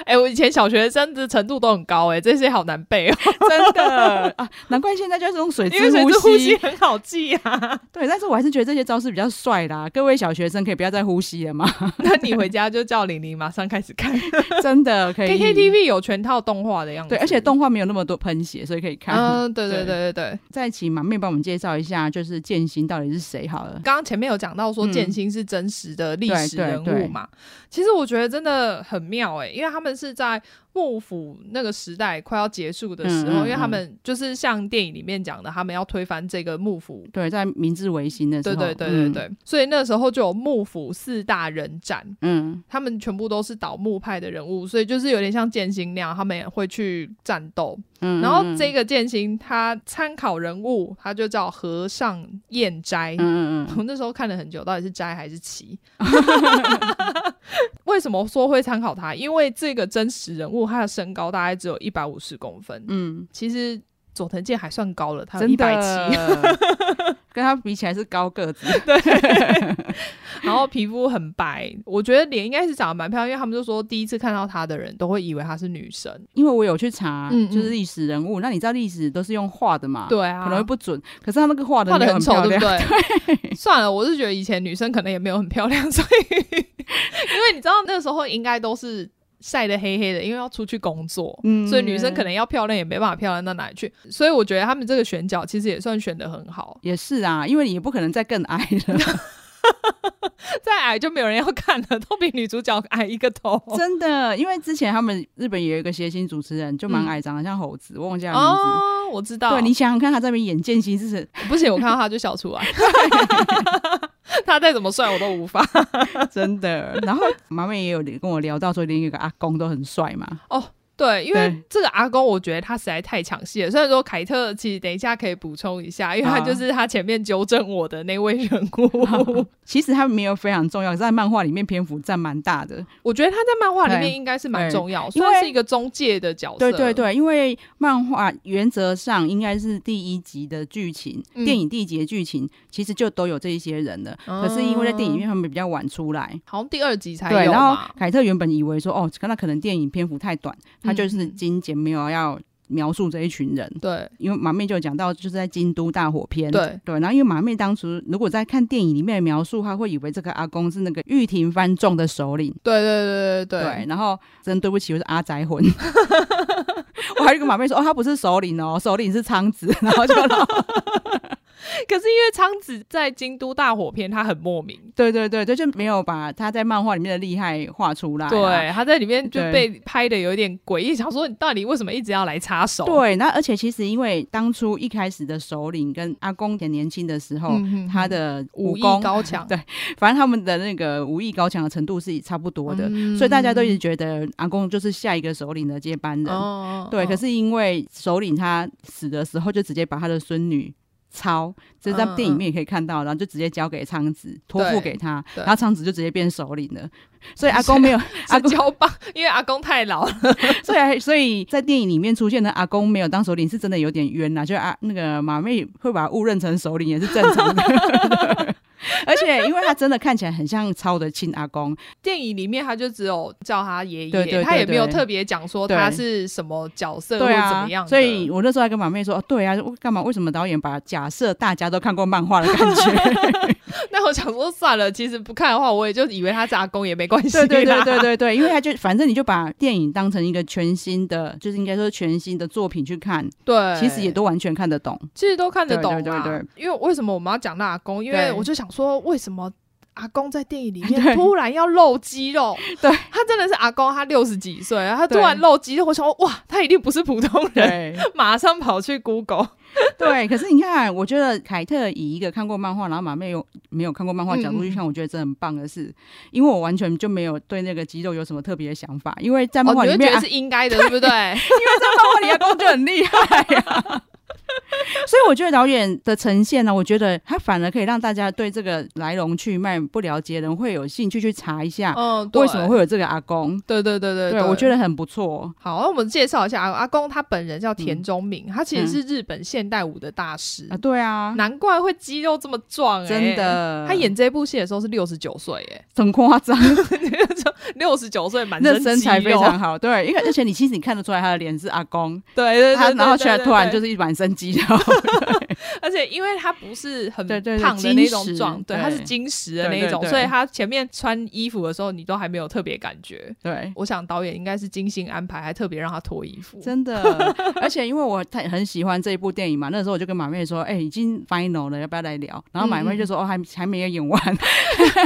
哎、 欸，我以前小學生的程度都很高哎、欸，這些好難背哦，真的 啊，難怪現在就是用水之呼，呼吸很好記啊。 對，但是我還是覺得這些招式比較帥啦、啊。各位小學生可以不要再呼吸了嗎？那你回家就叫玲玲 馬上開始看， 真的可以。KKTV 有全套動畫的樣子，對，而且動畫沒有那麼多噴血，所以可以看。嗯，對對對對對。再請馬妹幫我們介紹一下，就是劍心到底是誰好了？剛剛前面有講到說劍心是真實的歷史人物嘛、嗯對對對對，其實我覺得真的很妙哎、欸，因為他們是在，幕府那個時代快要結束的時候，嗯嗯嗯、因為他們就是像電影裡面講的，他們要推翻這個幕府。對，在明治維新的時候，對對對對對、對、嗯，所以那時候就有幕府四大人戰。嗯，他們全部都是倒幕派的人物，所以就是有點像劍心那樣，他們也會去戰鬥。嗯嗯嗯，然後這個劍心，他參考人物，他就叫和尚彥齋。嗯嗯嗯 我們那時候看了很久，到底是齋還是齊？ 為什麼說會參考它？因為這個真實人物，他的身高大概只有一百五十公分。嗯，其實。佐藤健還算高了，他一百七， 跟他比起來是高個子。 對，然後皮膚很白，我覺得臉應該是長得蠻漂亮，因為他們就說第一次看到他的人都會以為他是女神。因為我有去查，嗯嗯，就是歷史人物。那你知道歷史都是用畫的嘛？對啊，可能會不準。可是他那個畫的很醜，對不對？對。算了，我是覺得以前女生可能也沒有很漂亮，所以 因為你知道那個時候應該都是。曬得黑黑的，因為要出去工作，嗯，所以女生可能要漂亮也沒辦法漂亮到哪裡去，所以我覺得他們這個選角其實也算選得很好。也是啊，因為你也不可能再更矮了。 再矮就沒有人要看了，都比女主角矮一個頭。真的，因為之前他們日本也有一個諧星主持人，就蠻矮長的，長、嗯、得像猴子，我忘記了名字。哦，我知道。對，你想想看，他在那邊演劍心，是不是？不行，我看到他就笑出來。 他再怎麼帥，我都無法。 真的。然後馬妹也有跟我聊到說，連一個阿公都很帥嘛。哦。對，因為這個阿公，我覺得他實在太搶戲了。所以說凱特其實等一下可以補充一下，因為他就是他前面糾正我的那位人物。啊、 其實他沒有非常重要，可是在漫畫裡面篇幅佔蠻大的。我覺得他在漫畫裡面應該是蠻重要，因為是一個中介的角色。對對對，對，因為漫畫原則上應該是第一集的劇情，嗯，電影第一集的劇情其實就都有這一些人的，嗯，可是因為在電影院他們比較晚出來，好像第二集才有嘛。對，然後凱特原本以為說，哦，那可能可能電影篇幅太短。他就是金姐沒有要描述這一群人，對，因為馬妹就講到，就是在京都大火篇，對對，然後因為馬妹當初如果在看電影裡面的描述，他會以為這個阿公是那個御庭番眾的首領，對對對對對，對，對，然後真的對不起，我是阿宅魂， 我還有跟馬妹說，哦，他不是首領哦，首領是蒼紫，然後就然後。 可是因為蒼紫在京都大火篇，他很莫名。對對對，他就沒有把他在漫畫裡面的厲害畫出來。對，他在裡面就被拍得有點詭異。想說，你到底為什麼一直要來插手？對，那而且其實因為當初一開始的首領跟阿公很年輕的時候嗯嗯，他的武功武藝高強。 對，反正他們的那個武藝高強的程度是差不多的，嗯，所以大家都一直覺得阿公就是下一個首領的接班人。哦、對、哦，可是因為首領他死的時候，就直接把他的孫女。超，這在電影裡面也可以看到，嗯、然後就直接交給蒼紫，托付給他，然後蒼紫就直接變首領了。所以阿公沒有阿交、啊、棒，因為阿公太老了， 所以所以在電影裡面出現的阿公沒有當首領，是真的有點冤吶、啊。就阿、啊、那個馬妹會把他誤認成首領，也是正常的。 而且，因為他真的看起來很像超的親阿公， 電影裡面他就只有叫他爺爺，他也沒有特別講說他是什麼角色啊，或怎麼樣、啊，所以我那時候還跟馬妹說、哦，對啊，幹嘛？為什麼導演把假設大家都看過漫畫的感覺？ 那我想說算了，其實不看的話，我也就以為他這阿公也沒關係。對對對對對,對因為他就反正你就把電影當成一個全新的，就是應該說全新的作品去看。對，其實也都完全看得懂，其實都看得懂對,對對對，因為為什麼我們要講那阿公？因為我就想說，為什麼？阿公在電影裡面突然要露肌肉，對他真的是阿公，他六十幾歲，他突然露肌肉，我說哇，他一定不是普通人，馬上跑去 Google 對。對，可是你看，我覺得凱特以一個看過漫畫，然後馬妹又沒有看過漫畫角度，去、嗯、看，我覺得真的很棒的是，因為我完全就沒有對那個肌肉有什麼特別的想法，因為在漫畫裡面、哦、是應該的，對不對？ 因為在漫畫裡阿公就很厲害呀、啊。 所以我覺得導演的呈現呢，我覺得他反而可以讓大家對這個來龍去脈不了解的人會有興趣去查一下，嗯，為什麼會有這個阿公？嗯、對，對，對對對對，對我覺得很不錯。好，那我們介紹一下阿公阿公，他本人叫田中泯、嗯，他其實是日本現代舞的大師、嗯、啊。對啊，難怪會肌肉這麼壯、欸，真的。他演這部戲的時候是六十九歲，哎，很誇張，六十九歲滿身身材非常好，對，因為而且你其實你看得出來他的臉是阿公， 對，對，他然後現在突然就是一滿身肌 而且因為它不是很胖的那種狀對,對,對,對，它是金石的那一種對對對對，所以他前面穿衣服的時候，你都還沒有特別感覺。對，我想導演應該是精心安排，還特別讓他脫衣服。真的，而且因為我很很喜歡這一部電影嘛，那時候我就跟馬妹說：“哎、 欸，已經 final 了，要不要來聊？”然後馬妹就說：“嗯、哦，還還沒有演完，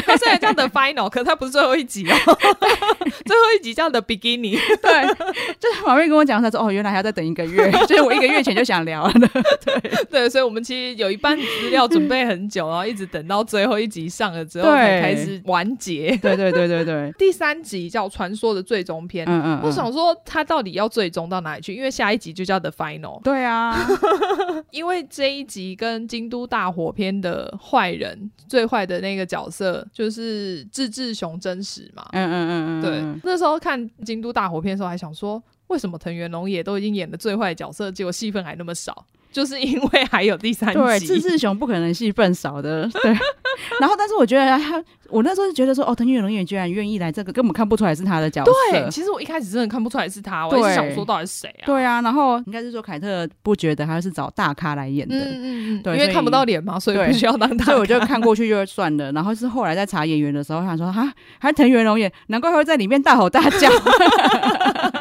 他雖然這樣的 final，可是他不是最後一集哦， 最後一集這樣的 the beginning 對，就是馬妹跟我講，他說：“哦，原來還要再等一個月。”就是我一個月前就想聊了。 對對，所以我們其實有一半資料準備很久，然後一直等到最後一集上了之後 才開始完結。對對對對對，第三集叫《傳說的最終篇》嗯。嗯嗯，我想說他到底要最終到哪裡去？因為下一集就叫《The Final》。對啊， 因為這一集跟《京都大火篇》的壞人最壞的那個角色就是志志雄真實嘛。嗯，嗯嗯嗯嗯，對。那時候看《京都大火篇》的時候，還想說為什麼藤原龍也都已經演了最壞的最壞角色，結果戲份還那麼少。就是因為還有第三集，對，志志雄不可能戲份少的，對。 然後，但是我覺得他，我那時候就覺得說，哦，藤原龍也居然願意來這個，根本看不出來是他的角色。對，其實我一開始真的看不出來是他，對我也想說到底是誰啊？對啊。然後應該是說凱特不覺得他是找大咖來演的，嗯嗯對因，因為看不到臉嘛，所以不需要當大咖。所以我就看過去就算了。然後是後來在查演員的時候，他說哈，還藤原龍也，難怪會在裡面大吼大叫。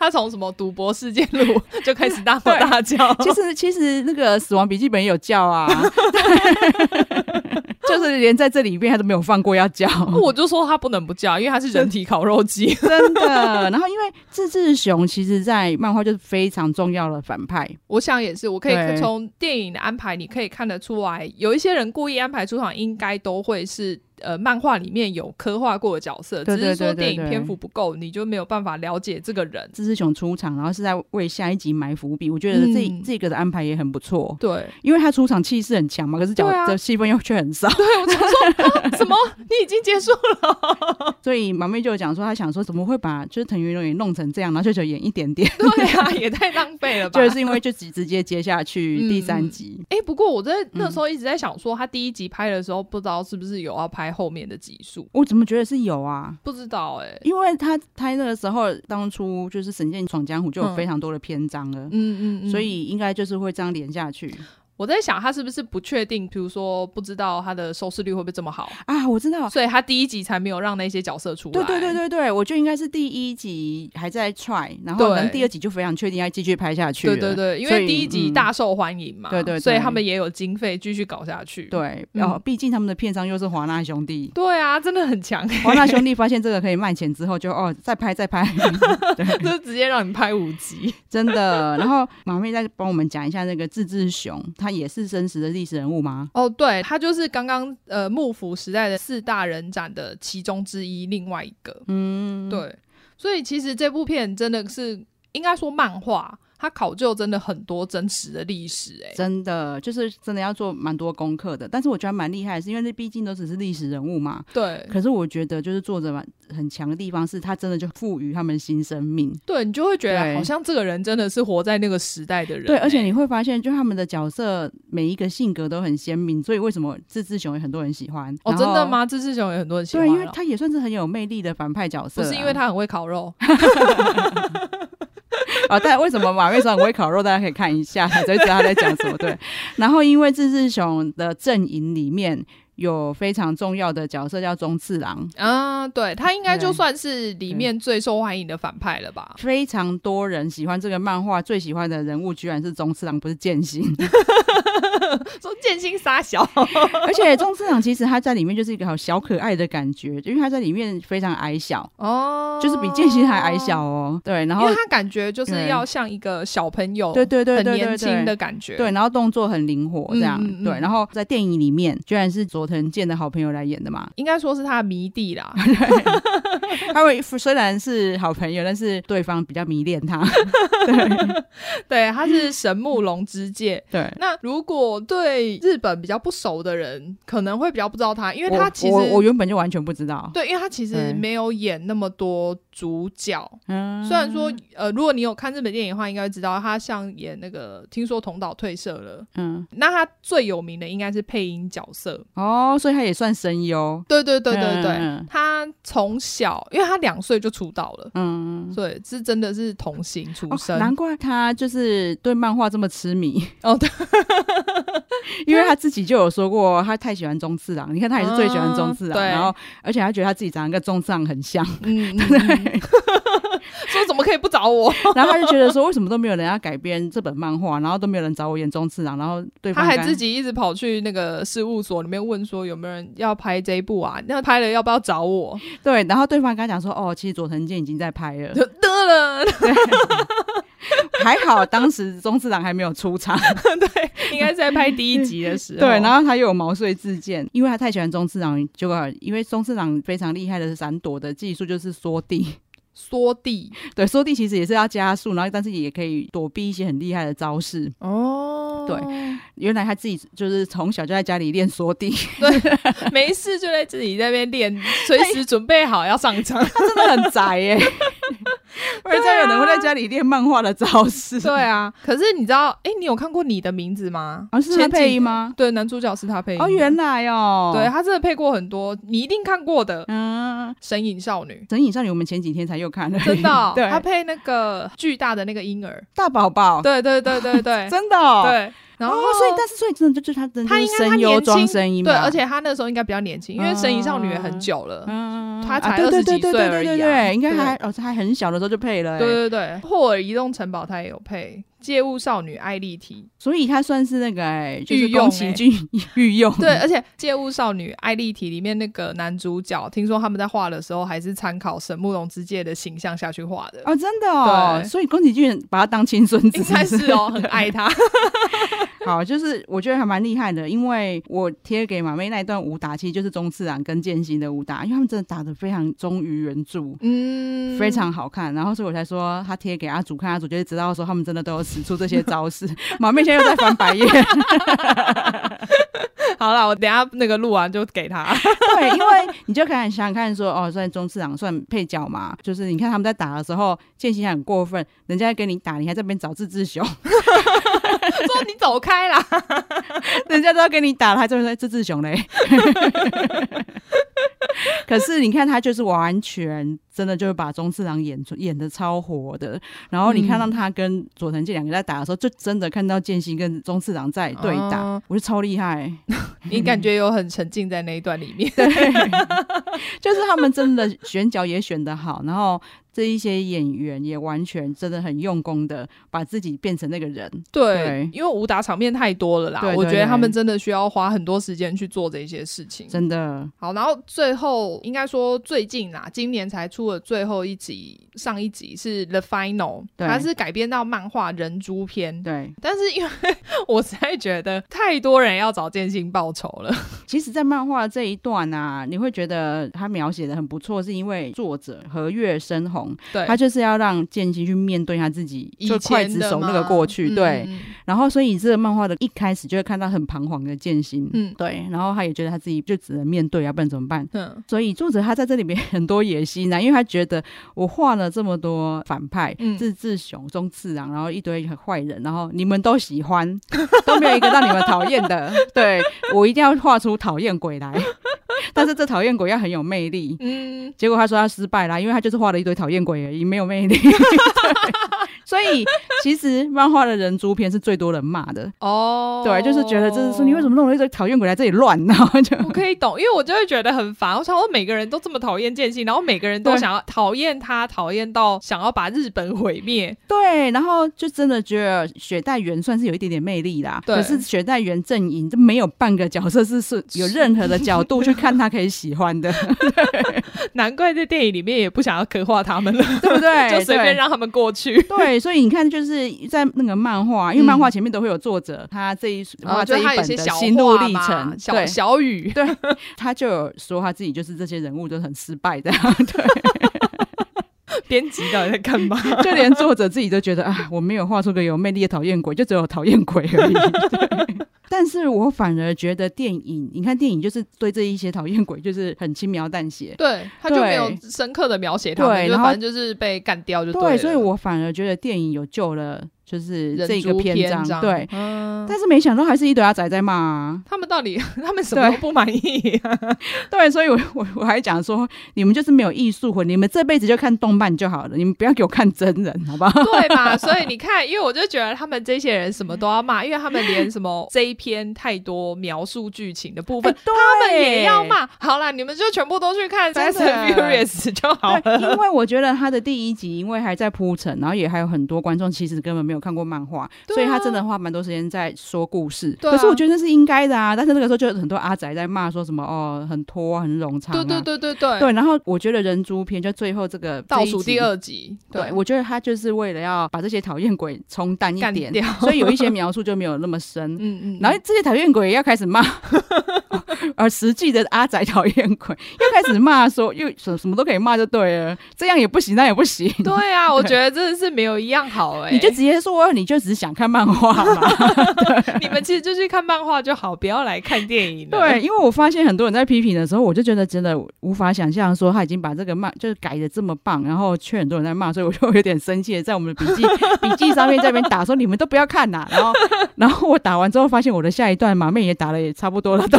他從什麼賭博事件錄就開始大吼大叫，其實其實那個死亡筆記本有叫啊， 就是連在這裡面他都沒有放過要叫，我就說他不能不叫，因為他是人體烤肉機， 真的。然後因為志志雄，其實在漫畫就是非常重要的反派，我想也是，我可以從電影的安排你可以看得出來，有一些人故意安排出場，應該都會是。呃，漫畫裡面有刻畫過的角色，只是說電影篇幅不夠，你就沒有辦法了解這個人。志志雄出場，然後是在為下一集埋伏筆。我覺得這這、嗯、個的安排也很不錯，對，因為他出場氣勢很強嘛，可是角的戲份又卻很少。對，啊、 對，我就說什麼？你已經結束了， 所以馬妹就講說，他想說怎麼會把就是藤原龍也弄成這樣，然後就就演一點點，對啊， 也太浪費了吧？就是因為就直直接接下去第三集。哎、嗯欸，不過我在那時候一直在想說，他、嗯、第一集拍的時候，不知道是不是有要拍後面的集數，我怎麼覺得是有啊？不知道哎、欸，因為他他那個時候當初就是《神劍闖江湖》就有非常多的篇章了，嗯嗯，嗯嗯，所以應該就是會這樣連下去。我在想他是不是不確定，比如說不知道他的收視率會不會這麼好啊？我知道，所以他第一集才沒有讓那些角色出來。對對對對對，我就應該是第一集還在 try，然後可能第二集就非常確定要繼續拍下去。對對對，因為第一集大受歡迎嘛，嗯、對，對，對對，所以他們也有經費繼續搞下去。對，然後畢竟他們的片商又是華納兄弟，對啊，真的很強、欸。華納兄弟發現這個可以賣錢之後就，就哦，再拍再拍， 對 就是直接讓你拍五集，真的。然後馬妹再幫我們講一下那個《自制熊》，他。也是真實的歷史人物嗎？哦，對，他就是剛剛呃幕府時代的四大人斬的其中之一，另外一個，嗯，對，所以其實這部片真的是應該說漫畫。他考究真的很多真實的歷史，欸，哎,真的就是真的要做蠻多功課的。但是我覺得蠻厲害的是，是因為這畢竟都只是歷史人物嘛。對。可是我覺得，就是作者蠻很強的地方，是他真的就賦予他們新生命。對，你就會覺得好像這個人真的是活在那個時代的人，欸。對，而且你會發現，就他們的角色每一個性格都很鮮明，所以為什麼志志雄也很多人喜歡？哦，真的嗎？志志雄也很多人喜歡，對，因為他也算是很有魅力的反派角色，啊。不是因為他很會烤肉。 啊，但為什麼馬妹說，很會烤肉？ 大家可以看一下，所以知道他在講什麼。對，然後因為《志志雄》的陣營裡面有非常重要的角色叫宗次郎啊，對他應該就算是裡面最受歡迎的反派了吧。非常多人喜歡這個漫畫，最喜歡的人物居然是宗次郎，不是劍心。 說劍心殺小， 而且鍾師長其實他在裡面就是一個好小可愛的感覺， 因為他在裡面非常矮小哦，就是比劍心還矮小哦。對，然後因為他感覺就是要像一個小朋友，對對對，很年輕的感覺。對，然後動作很靈活，這樣、嗯嗯、對。然後在電影裡面，居然是佐藤健的好朋友來演的嘛？應該說是他迷弟啦。 對他們雖然是好朋友，但是對方比較迷戀他。 對, 對，他是神木隆之介、嗯。對，那如果對。對日本比較不熟的人，可能會比較不知道他，因為他其實我,我,我原本就完全不知道。對，因為他其實沒有演那麼多主角。嗯、雖然說，呃，如果你有看日本電影的話，應該知道他像演那個，聽說桐島退社了。嗯，那他最有名的應該是配音角色哦，所以他也算聲優。對對對對對，嗯、他從小，因為他兩歲就出道了。嗯所對，是真的是童星出身、哦，難怪他就是對漫畫這麼痴迷哦。對。 因為他自己就有說過，他太喜歡宗次郎。你看，他也是最喜歡宗次郎，嗯、然後，而且他覺得他自己長得跟宗次郎很像，真、嗯 對嗯 說怎麼可以不找我？ 然後他就覺得說，為什麼都沒有人要改編這本漫畫，然後都沒有人找我演宗次郎？然後對方他還自己一直跑去那個事務所裡面問說，有沒有人要拍這一部啊？那拍了要不要找我？ 對，然後對方跟他講說，哦，其實佐藤健已經在拍了，就得了，對 還好當時宗次郎還沒有出場， 對，應該是在拍第一集的時候。 對，然後他又有毛遂自薦，因為他太喜歡宗次郎，就因為宗次郎非常厲害的是閃躲的技術就是縮地。縮地，對，縮地其實也是要加速，然後但是也可以躲避一些很厲害的招式哦。對，原來他自己就是從小就在家裡練縮地，對， 沒事就在自己在那邊練，隨時準備好、哎、要上場。真的很宅耶，不然他有人會在家裡練漫畫的招式。對啊，可是你知道，哎，你有看過你的名字嗎？而、啊、是，是他配音嗎？對，男主角是他配音。哦，原來哦，對他真的配過很多，你一定看過的。嗯、啊，神隱少女，神隱少女我們前幾天才。有看真的、哦， 他配那個巨大的那個嬰兒大寶寶，對對對對對， 真的、哦，對，然後、哦、所以但是所以真的就就他真，他應該他年輕對，而且他那時候應該比較年輕，因為聲優生涯也很久了，嗯、啊，他才二十幾歲而已、啊啊、對，對，對，對，對對對，應該還哦，他還很小的時候就配了、欸，對對對，對，霍爾移動城堡他也有配。《借物少女艾莉緹》，所以她算是那個、欸就是、御用、欸，宮崎駿御用。對，而且《借物少女艾莉緹》裡面那個男主角，聽說他們在畫的時候還是參考神木隆之介的形象下去畫的。哦真的哦！所以宮崎駿把他當親孫子，才是哦，很愛他。 好，就是我覺得還蠻厲害的，因為我貼給馬妹那一段武打戲，其實就是中次郎跟劍心的武打，因為他們真的打得非常忠於原著，嗯，非常好看。然後所以我才說他貼給阿祖看，阿祖就是知道說他們真的都有使出這些招式。馬 妹現在又在翻白眼。 好了，我等一下那個錄完就給他。 對，因為你就可以想想看說，哦，算中次郎算配角嘛，就是你看他們在打的時候，劍心很過分，人家跟給你打，你還在這邊找自自熊。 說你走開啦 人家都要給你打了，還這麼在自自雄嘞。 可是你看他就是完全真的，就是把宗次郎演出演得超火的。然後你看到他跟佐藤健兩個在打的時候，就真的看到劍心跟宗次郎在對打，嗯、我就超厲害。 你感覺有很沉浸在那一段裡面？ 對，就是他們真的選角也選得好，然後這一些演員也完全真的很用功的把自己變成那個人。對，對因為武打場面太多了啦，對對對，我覺得他們真的需要花很多時間去做這些事情。真的好，然後。最後應該說最近啦，今年才出了最後一集，上一集是 The Final，對，它是改編到漫畫《人誅篇》對，但是因為我實在覺得太多人要找劍心報仇了。其實，在漫畫這一段啊，你會覺得他描寫的很不錯，是因為作者和月伸宏對，他就是要讓劍心去面對他自己，就劊子手那個過去、嗯、對。然後，所以這個漫畫的一開始就會看到很彷徨的劍心，嗯對，然後他也覺得他自己就只能面對，要不然怎麼辦？嗯，所以作者他在這裡面很多野心呢、啊，因為他覺得我畫了這麼多反派，嗯，志志雄、宗次郎、啊，然後一堆壞人，然後你們都喜歡， 都沒有一個讓你們討厭的， 對我一定要畫出討厭鬼來， 但是這討厭鬼要很有魅力，嗯，結果他說他失敗啦，因為他就是畫了一堆討厭鬼而已，沒有魅力， 對 所以其實漫畫的人誅 篇是最多人罵的哦，對，就是覺得就是說你為什麼弄了一個討厭鬼來這裡亂就，我可以懂， 因為我就會覺得很。反而，我想，我每個人都這麼討厭劍心，然後每個人都想要討厭他，討厭到想要把日本毀滅。對，然後就真的覺得雪代原算是有一點點魅力啦。對，可是雪代原陣營就沒有半個角色是是有任何的角度去看他可以喜歡的。 對 難怪在電影裡面也不想要刻畫他們了，對不對？ 就隨便讓他們過去。對，對，所以你看，就是在那個漫畫、嗯，因為漫畫前面都會有作者他這一畫、嗯、這一本的心路歷程。對、哦，小雨，對 他就有說。他自己就是這些人物都很失敗的，對。編 輯到底在幹嘛？就連作者自己都覺得啊，我沒有畫出個有魅力的討厭鬼，就只有討厭鬼而已。 但是，我反而覺得電影，你看電影就是對這一些討厭鬼就是很輕描淡寫，對，他就沒有深刻的描寫他們，就是、反正就是被干掉就對了，對，對。所以我反而覺得電影有救了。就是這一個篇章，篇章對、嗯，但是沒想到還是一堆阿宅在罵、啊。他們到底他們什麼不滿意、啊？對， 對，所以我我我還講說，你們就是沒有藝術魂，你們這輩子就看動漫就好了，你們不要給我看真人，好不好？對吧？所以你看，因為我就覺得他們這些人什麼都要罵，因為他們連什麼這一篇太多描述劇情的部分，欸、他們也要罵。好啦，你們就全部都去看《b a t t 就好了，因為我覺得他的第一集因為還在鋪陳，然後也還有很多觀眾其實根本沒有。看過漫畫、啊，所以他真的花蠻多時間在說故事、啊。可是我覺得那是應該的啊。但是那個時候就很多阿宅在罵，說什麼哦，很拖、啊，很冗長、啊。對對對對對。對，然後我覺得人誅篇就最後這個倒數第二集，對，對我覺得他就是為了要把這些討厭鬼沖淡一點，所以有一些描述就沒有那麼深。 嗯，嗯嗯。然後這些討厭鬼要開始罵。 而實際的阿仔討厭鬼又開始罵說，又什什麼都可以罵就對了，這樣也不行，那也不行。對啊，對我覺得真的是沒有一樣好哎、欸。你就直接說，你就只想看漫畫嘛。 你們其實就去看漫畫就好，不要來看電影。對，因為我發現很多人在批評的時候，我就覺得真的無法想象說他已經把這個漫，就是改的這麼棒，然後卻很多人在罵，所以我就有點生氣，在我們的筆記筆記上面這邊打說 你們都不要看吶、啊。然後然後我打完之後，發現我的下一段馬妹也打了也差不多了。對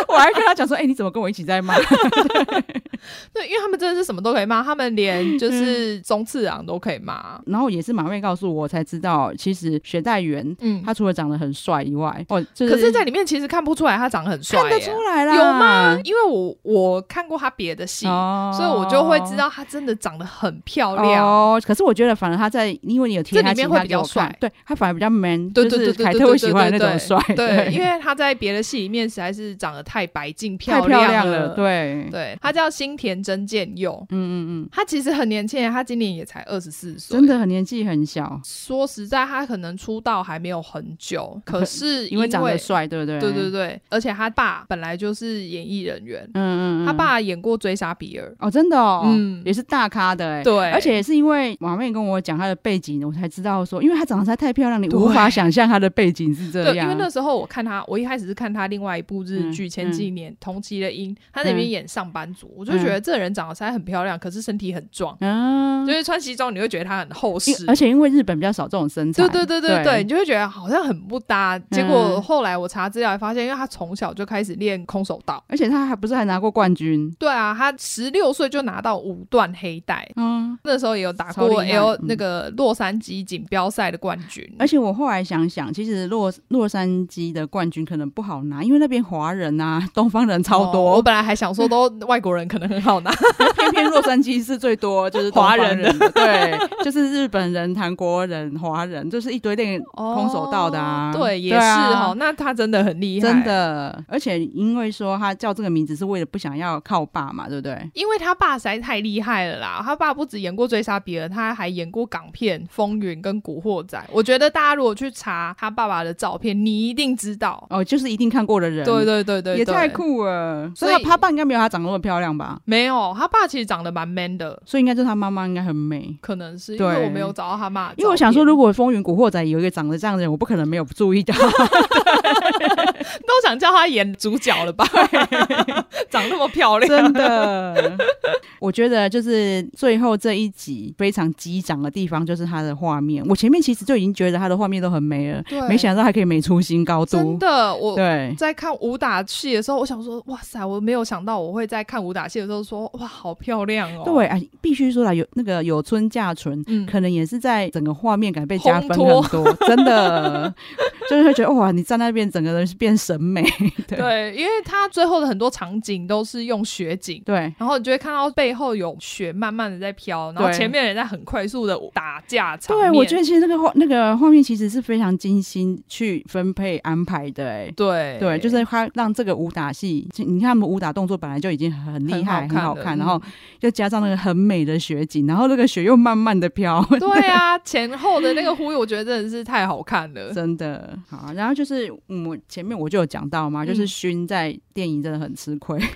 我還跟他講說，哎、欸，你怎麼跟我一起在罵 ？對，因為他們真的是什麼都可以罵，他們連就是宗次郎都可以罵、嗯。然後也是馬妹告訴我才知道，其實雪代緣嗯，他除了長得很帥以外，嗯、哦、就是，可是在裡面其實看不出來他長得很帥，看得出來啦，有嗎？因為我我看過他別的戲、哦，所以我就會知道他真的長得很漂亮。哦，可是我覺得反而他在因為你有這裡面會比較帥，對他反而比較 man，就是凱特會喜歡那種帥。對，因為他在別的戲裡面實在是長得太。白太白淨漂亮了，對對，他叫新田真劍佑，嗯嗯嗯，他其實很年輕，他今年也才二十四歲，真的很年紀很小。說實在，他可能出道還沒有很久，可是因為，因為長得帥，對不對，對？對對對，而且他爸本來就是演藝人員，嗯，嗯嗯，他爸演過《追殺比爾》，哦，真的、哦，嗯，也是大咖的、欸，哎，對。而且也是因為馬妹跟我講他的背景，我才知道說，因為他長得太太漂亮，你無法想象他的背景是這樣。對對。因為那時候我看他，我一開始是看他另外一部日劇前。嗯嗯紀、嗯、念同期的英，他那邊演上班族、嗯，我就覺得這個人長得雖然很漂亮、嗯，可是身體很壯，嗯，就是穿西裝你會覺得他很厚實。而且因為日本比較少這種身材，對對對對對，對你就會覺得好像很不搭。嗯、結果後來我查資料還發現，因為他從小就開始練空手道，而且他還不是還拿過冠軍。對啊，他十六歲就拿到五段黑帶，嗯，那時候也有打過，L、嗯、那個洛杉磯錦標賽的冠軍。而且我後來想想，其實洛洛杉磯的冠軍可能不好拿，因為那邊華人啊。東方人超多、哦，我本來還想說都外國人可能很好拿， 偏偏洛杉磯是最多，就是華人的，華人對， 就是日本人、韓國人、華人，就是一堆練空手道的啊、哦。對，也是哦。啊、那他真的很厲害，真的。而且因為說他叫這個名字，是為了不想要靠爸嘛，對不對？因為他爸實在太厲害了啦，他爸不止演過追《追殺比爾》，他還演過港片《風雲》跟《古惑仔》。我覺得大家如果去查他爸爸的照片，你一定知道哦，就是一定看過的人。對對對對，對。太酷了，所以他爸應該沒有他長得那麼漂亮吧？沒有，他爸其實長得蠻 man 的，所以應該就是他媽媽應該很美。可能是因為我沒有找到他媽，因為我想說，如果《風雲古惑仔》有一個長得這樣的人，我不可能沒有注意到， 對 都想叫他演主角了吧？對 長得那麼漂亮，真的。 我覺得就是最後這一集非常激賞的地方，就是他的畫面。我前面其實就已經覺得他的畫面都很美了對，沒想到還可以美出新高度。真的，我對在看武打戲，的時候我想說哇塞，我沒有想到我會在看武打戲的時候說哇好漂亮哦、喔。對，哎、啊，必須說啦，有那個有村架純、嗯，可能也是在整個畫面感被加分很多，真的 就是會覺得哇，你站在那邊整個人是變審美對。對，因為他最後的很多場景都是用雪景，對，然後你就會看到背後有雪慢慢的在飄，然後前面人在很快速的打架場。對我覺得其實那個畫那個畫面其實是非常精心去分配安排的、欸，哎，對對，就是他讓這個。武打戲，你看他們武打動作本來就已經很厲害很、很好看，然後又加上那個很美的雪景，嗯、然後那個雪又慢慢的飄，對啊， 前後的那個呼應，我覺得真的是太好看了，真的好。然後就是、嗯、我前面我就有講到嘛，嗯、就是薰在電影真的很吃虧。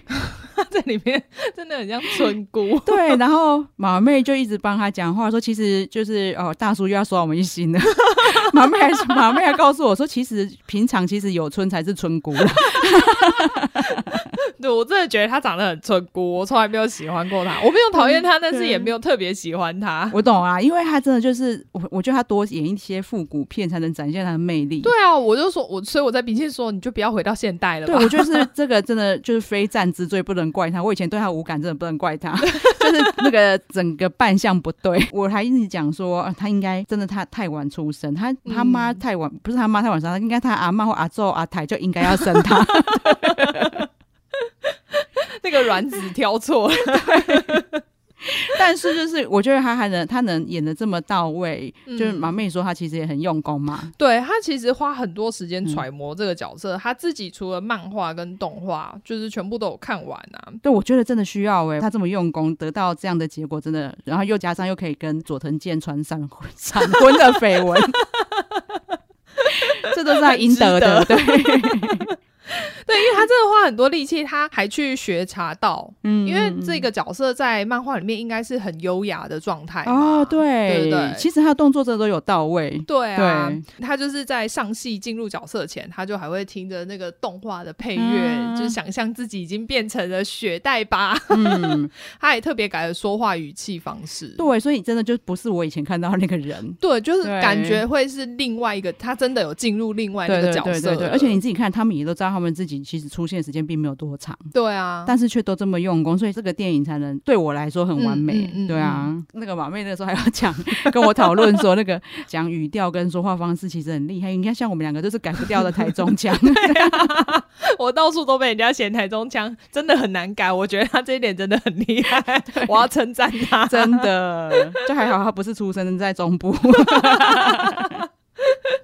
在 裡面真的很像村姑，對。然後馬妹就一直幫他講話，說其實就是哦，大叔又要耍我們一心了。馬 妹馬妹還告訴我說，其實平常其實有村才是村姑。 對，我真的覺得他長得很村姑，我從來沒有喜歡過他，我沒有討厭他，但是也沒有特別喜歡他。我懂啊，因為他真的就是我，我覺得他多演一些復古片才能展現他的魅力。對啊，我就說，我所以我在筆記說，你就不要回到現代了吧。對，我就是這個真的就是非戰之罪，不能怪他。我以前對他無感，真的不能怪他， 就是那個整個扮相不對。我還一直講說、呃，他應該真的他太晚出生，他他媽太晚、嗯，不是他媽太晚生，應該他阿媽或阿祖阿泰，就應該要生他。 那個卵子挑錯了 對， 但是就是我覺得他還能他能演得這麼到位，嗯、就是馬妹說他其實也很用功嘛。對，他其實花很多時間揣摩這個角色，嗯、他自己除了漫畫跟動畫，就是全部都有看完啊。對，我覺得真的需要哎、欸，他這麼用功得到這樣的結果真的，然後又加上又可以跟佐藤健傳閃婚閃婚的緋聞， 這都是他應得的，得對。 對，因為他真的花很多力氣，他還去學茶道。嗯，因為這個角色在漫畫裡面應該是很優雅的狀態哦，對，對對。其實他的動作真的都有到位。對啊對，他就是在上戲進入角色前，他就還會聽着那個動畫的配樂，嗯、就想象自己已經變成了雪代巴。嗯， 他也特別改了說話語氣方式。對，所以真的就不是我以前看到的那個人。對，就是感覺會是另外一個。他真的有進入另外一個角色。對對對，對對對。而且你自己看，他們也都知道。他們自己其實出現時間並沒有多長，對啊，但是卻都這麼用功，所以這個電影才能對我來說很完美。嗯嗯嗯、對啊，那個馬妹那時候還要講跟我討論說，那個講 語調跟說話方式其實很厲害。你看，像我們兩個都是改不掉的台中腔 啊，我到處都被人家嫌台中腔，真的很難改。我覺得他這一點真的很厲害，我要稱讚他，真的。就還好他不是出生在中部。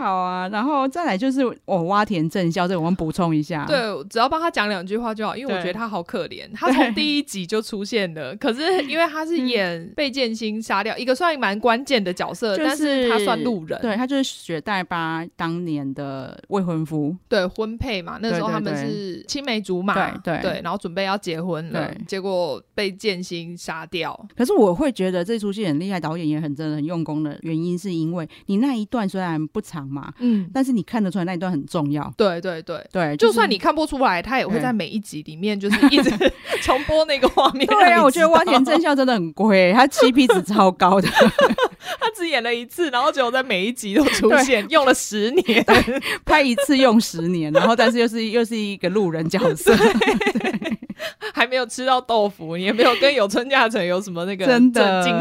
好啊，然後再來就是我窪田正孝，這個、我們補充一下。對，只要幫他講兩句話就好，因為我覺得他好可憐。他從第一集就出現了，可是因為他是演被劍心殺掉、嗯、一個算蠻關鍵的角色、就是，但是他算路人。對，他就是雪代巴當年的未婚夫。對，婚配嘛，那時候他們是青梅竹馬。對對,對,對,對。然後準備要結婚了，結果被劍心殺掉。可是我會覺得這出戲很厲害，導演也很真的很用功的原因，是因為你那一段雖然不長。嘛，嗯，但是你看得出來那一段很重要，對對對對、就是，就算你看不出來，他也會在每一集裡面就是一直重播那個畫面。 對啊，我覺得窪田正孝真的很貴，他七 P 值超高的。 他只演了一次，然後結果在每一集都出現，用了十年，拍一次用十年，然後但是又是又是一個路人角色。 還沒有吃到豆腐，你也沒有跟有村架純有什麼那個正經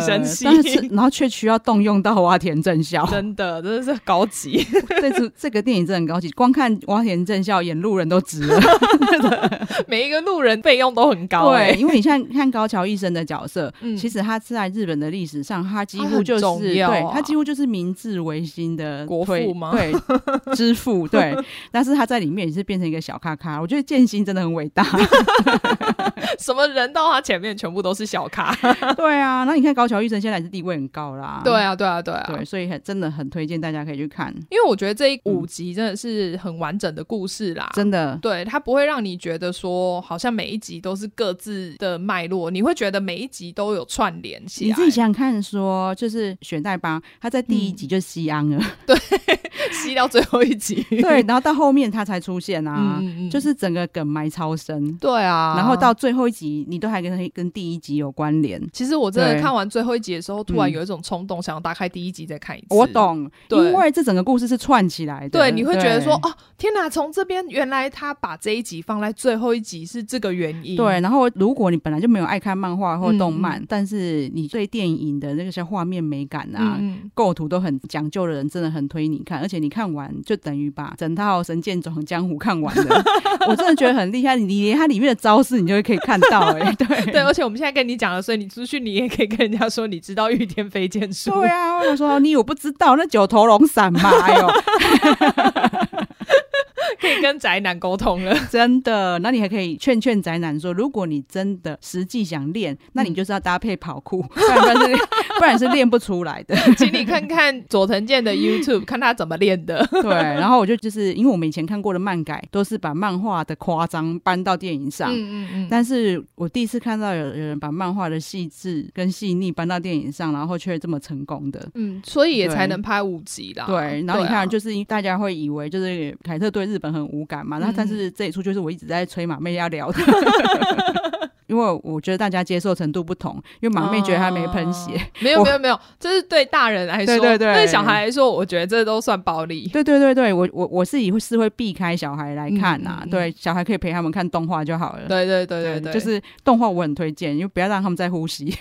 真的晉升 然後卻需要動用到窪田正孝，真的真的是高級。這 次這個電影真的很高級，光看窪田正孝演路人都值了。 每一個路人費用都很高、欸，對，因為你像看高橋一生的角色，嗯、其實他是在日本的歷史上，他幾乎就是、啊啊、對他幾乎就是明治維新的國父嗎？對，之父對，對 但是他在裡面也是變成一個小咖咖。我覺得劍心真的很偉大。 什麼人到他前面全部都是小咖 ，對啊，那你看高橋一生現在是地位很高啦，對啊，對啊，對啊，對，所以很真的很推薦大家可以去看，因為我覺得這一五集真的是很完整的故事啦，嗯、真的，對，它不會讓你覺得說好像每一集都是各自的脈絡，你會覺得每一集都有串聯性。你自己想想看說，說就是雪代巴他在第一集就西安了，嗯、對。吸到最後一集， 對，然後到後面他才出現啊、嗯，就是整個梗埋超深，對啊，然後到最後一集你都還跟跟第一集有關聯。其實我真的看完最後一集的時候，突然有一種衝動、嗯，想要打開第一集再看一次。我懂，因為這整個故事是串起來的，對，你會覺得說，哦，天哪，從這邊原來他把這一集放在最後一集是這個原因。對，然後如果你本來就沒有愛看漫畫或動漫、嗯，但是你對電影的那個像畫面美感啊、嗯、構圖都很講究的人，真的很推你看，而且。你看完就等於把整套《神劍闖江湖》看完了， 我真的覺得很厲害。你連它裡面的招式你就會可以看到哎、欸， 對對。而且我們現在跟你講的，所以你出去你也可以跟人家說你知道《御天飛劍術》。對啊，我說你有不知道那九頭龍傘嗎？哎呦！ 可以跟宅男溝通了，真的？那你還可以勸勸宅男說，如果你真的實際想練，那你就是要搭配跑酷，嗯、不然不然是，不然是練 不，不出來的。請你看看佐藤健的 YouTube， 看他怎麼練的。對，然後我就就是因為我們以前看過的漫改都是把漫畫的誇張搬到電影上，嗯嗯嗯，但是我第一次看到有有人把漫畫的細致跟細膩搬到電影上，然後卻這麼成功的，嗯，所以也才能拍五集啦，對。對，然後你看，就是大家會以為就是凱特對日本，很無感嘛？那、嗯、但是這一出就是我一直在催馬妹要聊的， 因為我覺得大家接受程度不同，因為馬妹覺得她沒噴血、啊，沒有沒有沒有，這，就是對大人來說，對對對，對小孩來說，我覺得這都算暴力，對對對對，我我我自己會是會避開小孩來看啊、嗯，對，小孩可以陪他們看動畫就好了，對對對對對，就是動畫我很推薦，因為不要讓他們再呼吸，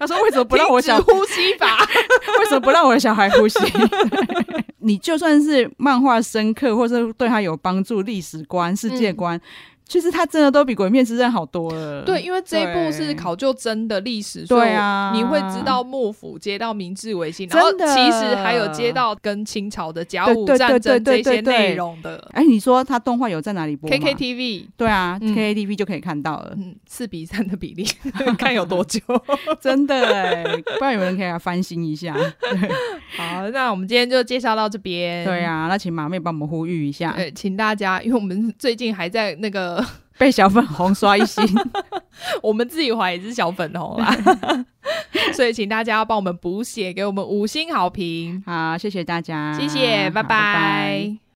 他說為什麼不讓我小呼吸吧？ 為什麼不讓我的小孩呼吸？ 你就算是漫畫深刻，或是對他有幫助，歷史觀、世界觀。嗯其實它真的都比《鬼滅之刃》好多了。對，因為這一部是考究真的歷史，對啊，你會知道幕府接到明治維新，然後其實還有接到跟清朝的甲午戰爭這些內容的。哎、欸，你說它動畫有在哪裡播？K K T V。對啊，K、嗯、K T V 就可以看到了，四比三的比例，對，看有多久。真的哎、欸，不然有人可以來翻新一下。 對好，那我們今天就介紹到這邊。對啊，那請馬妹幫我們呼籲一下。對，請大家，因為我們最近還在那個。被小粉紅刷一星，我們自己懷疑是小粉紅啦， 所以請大家要幫我們補血，給我們五星好評，好，謝謝大家，謝謝，拜拜。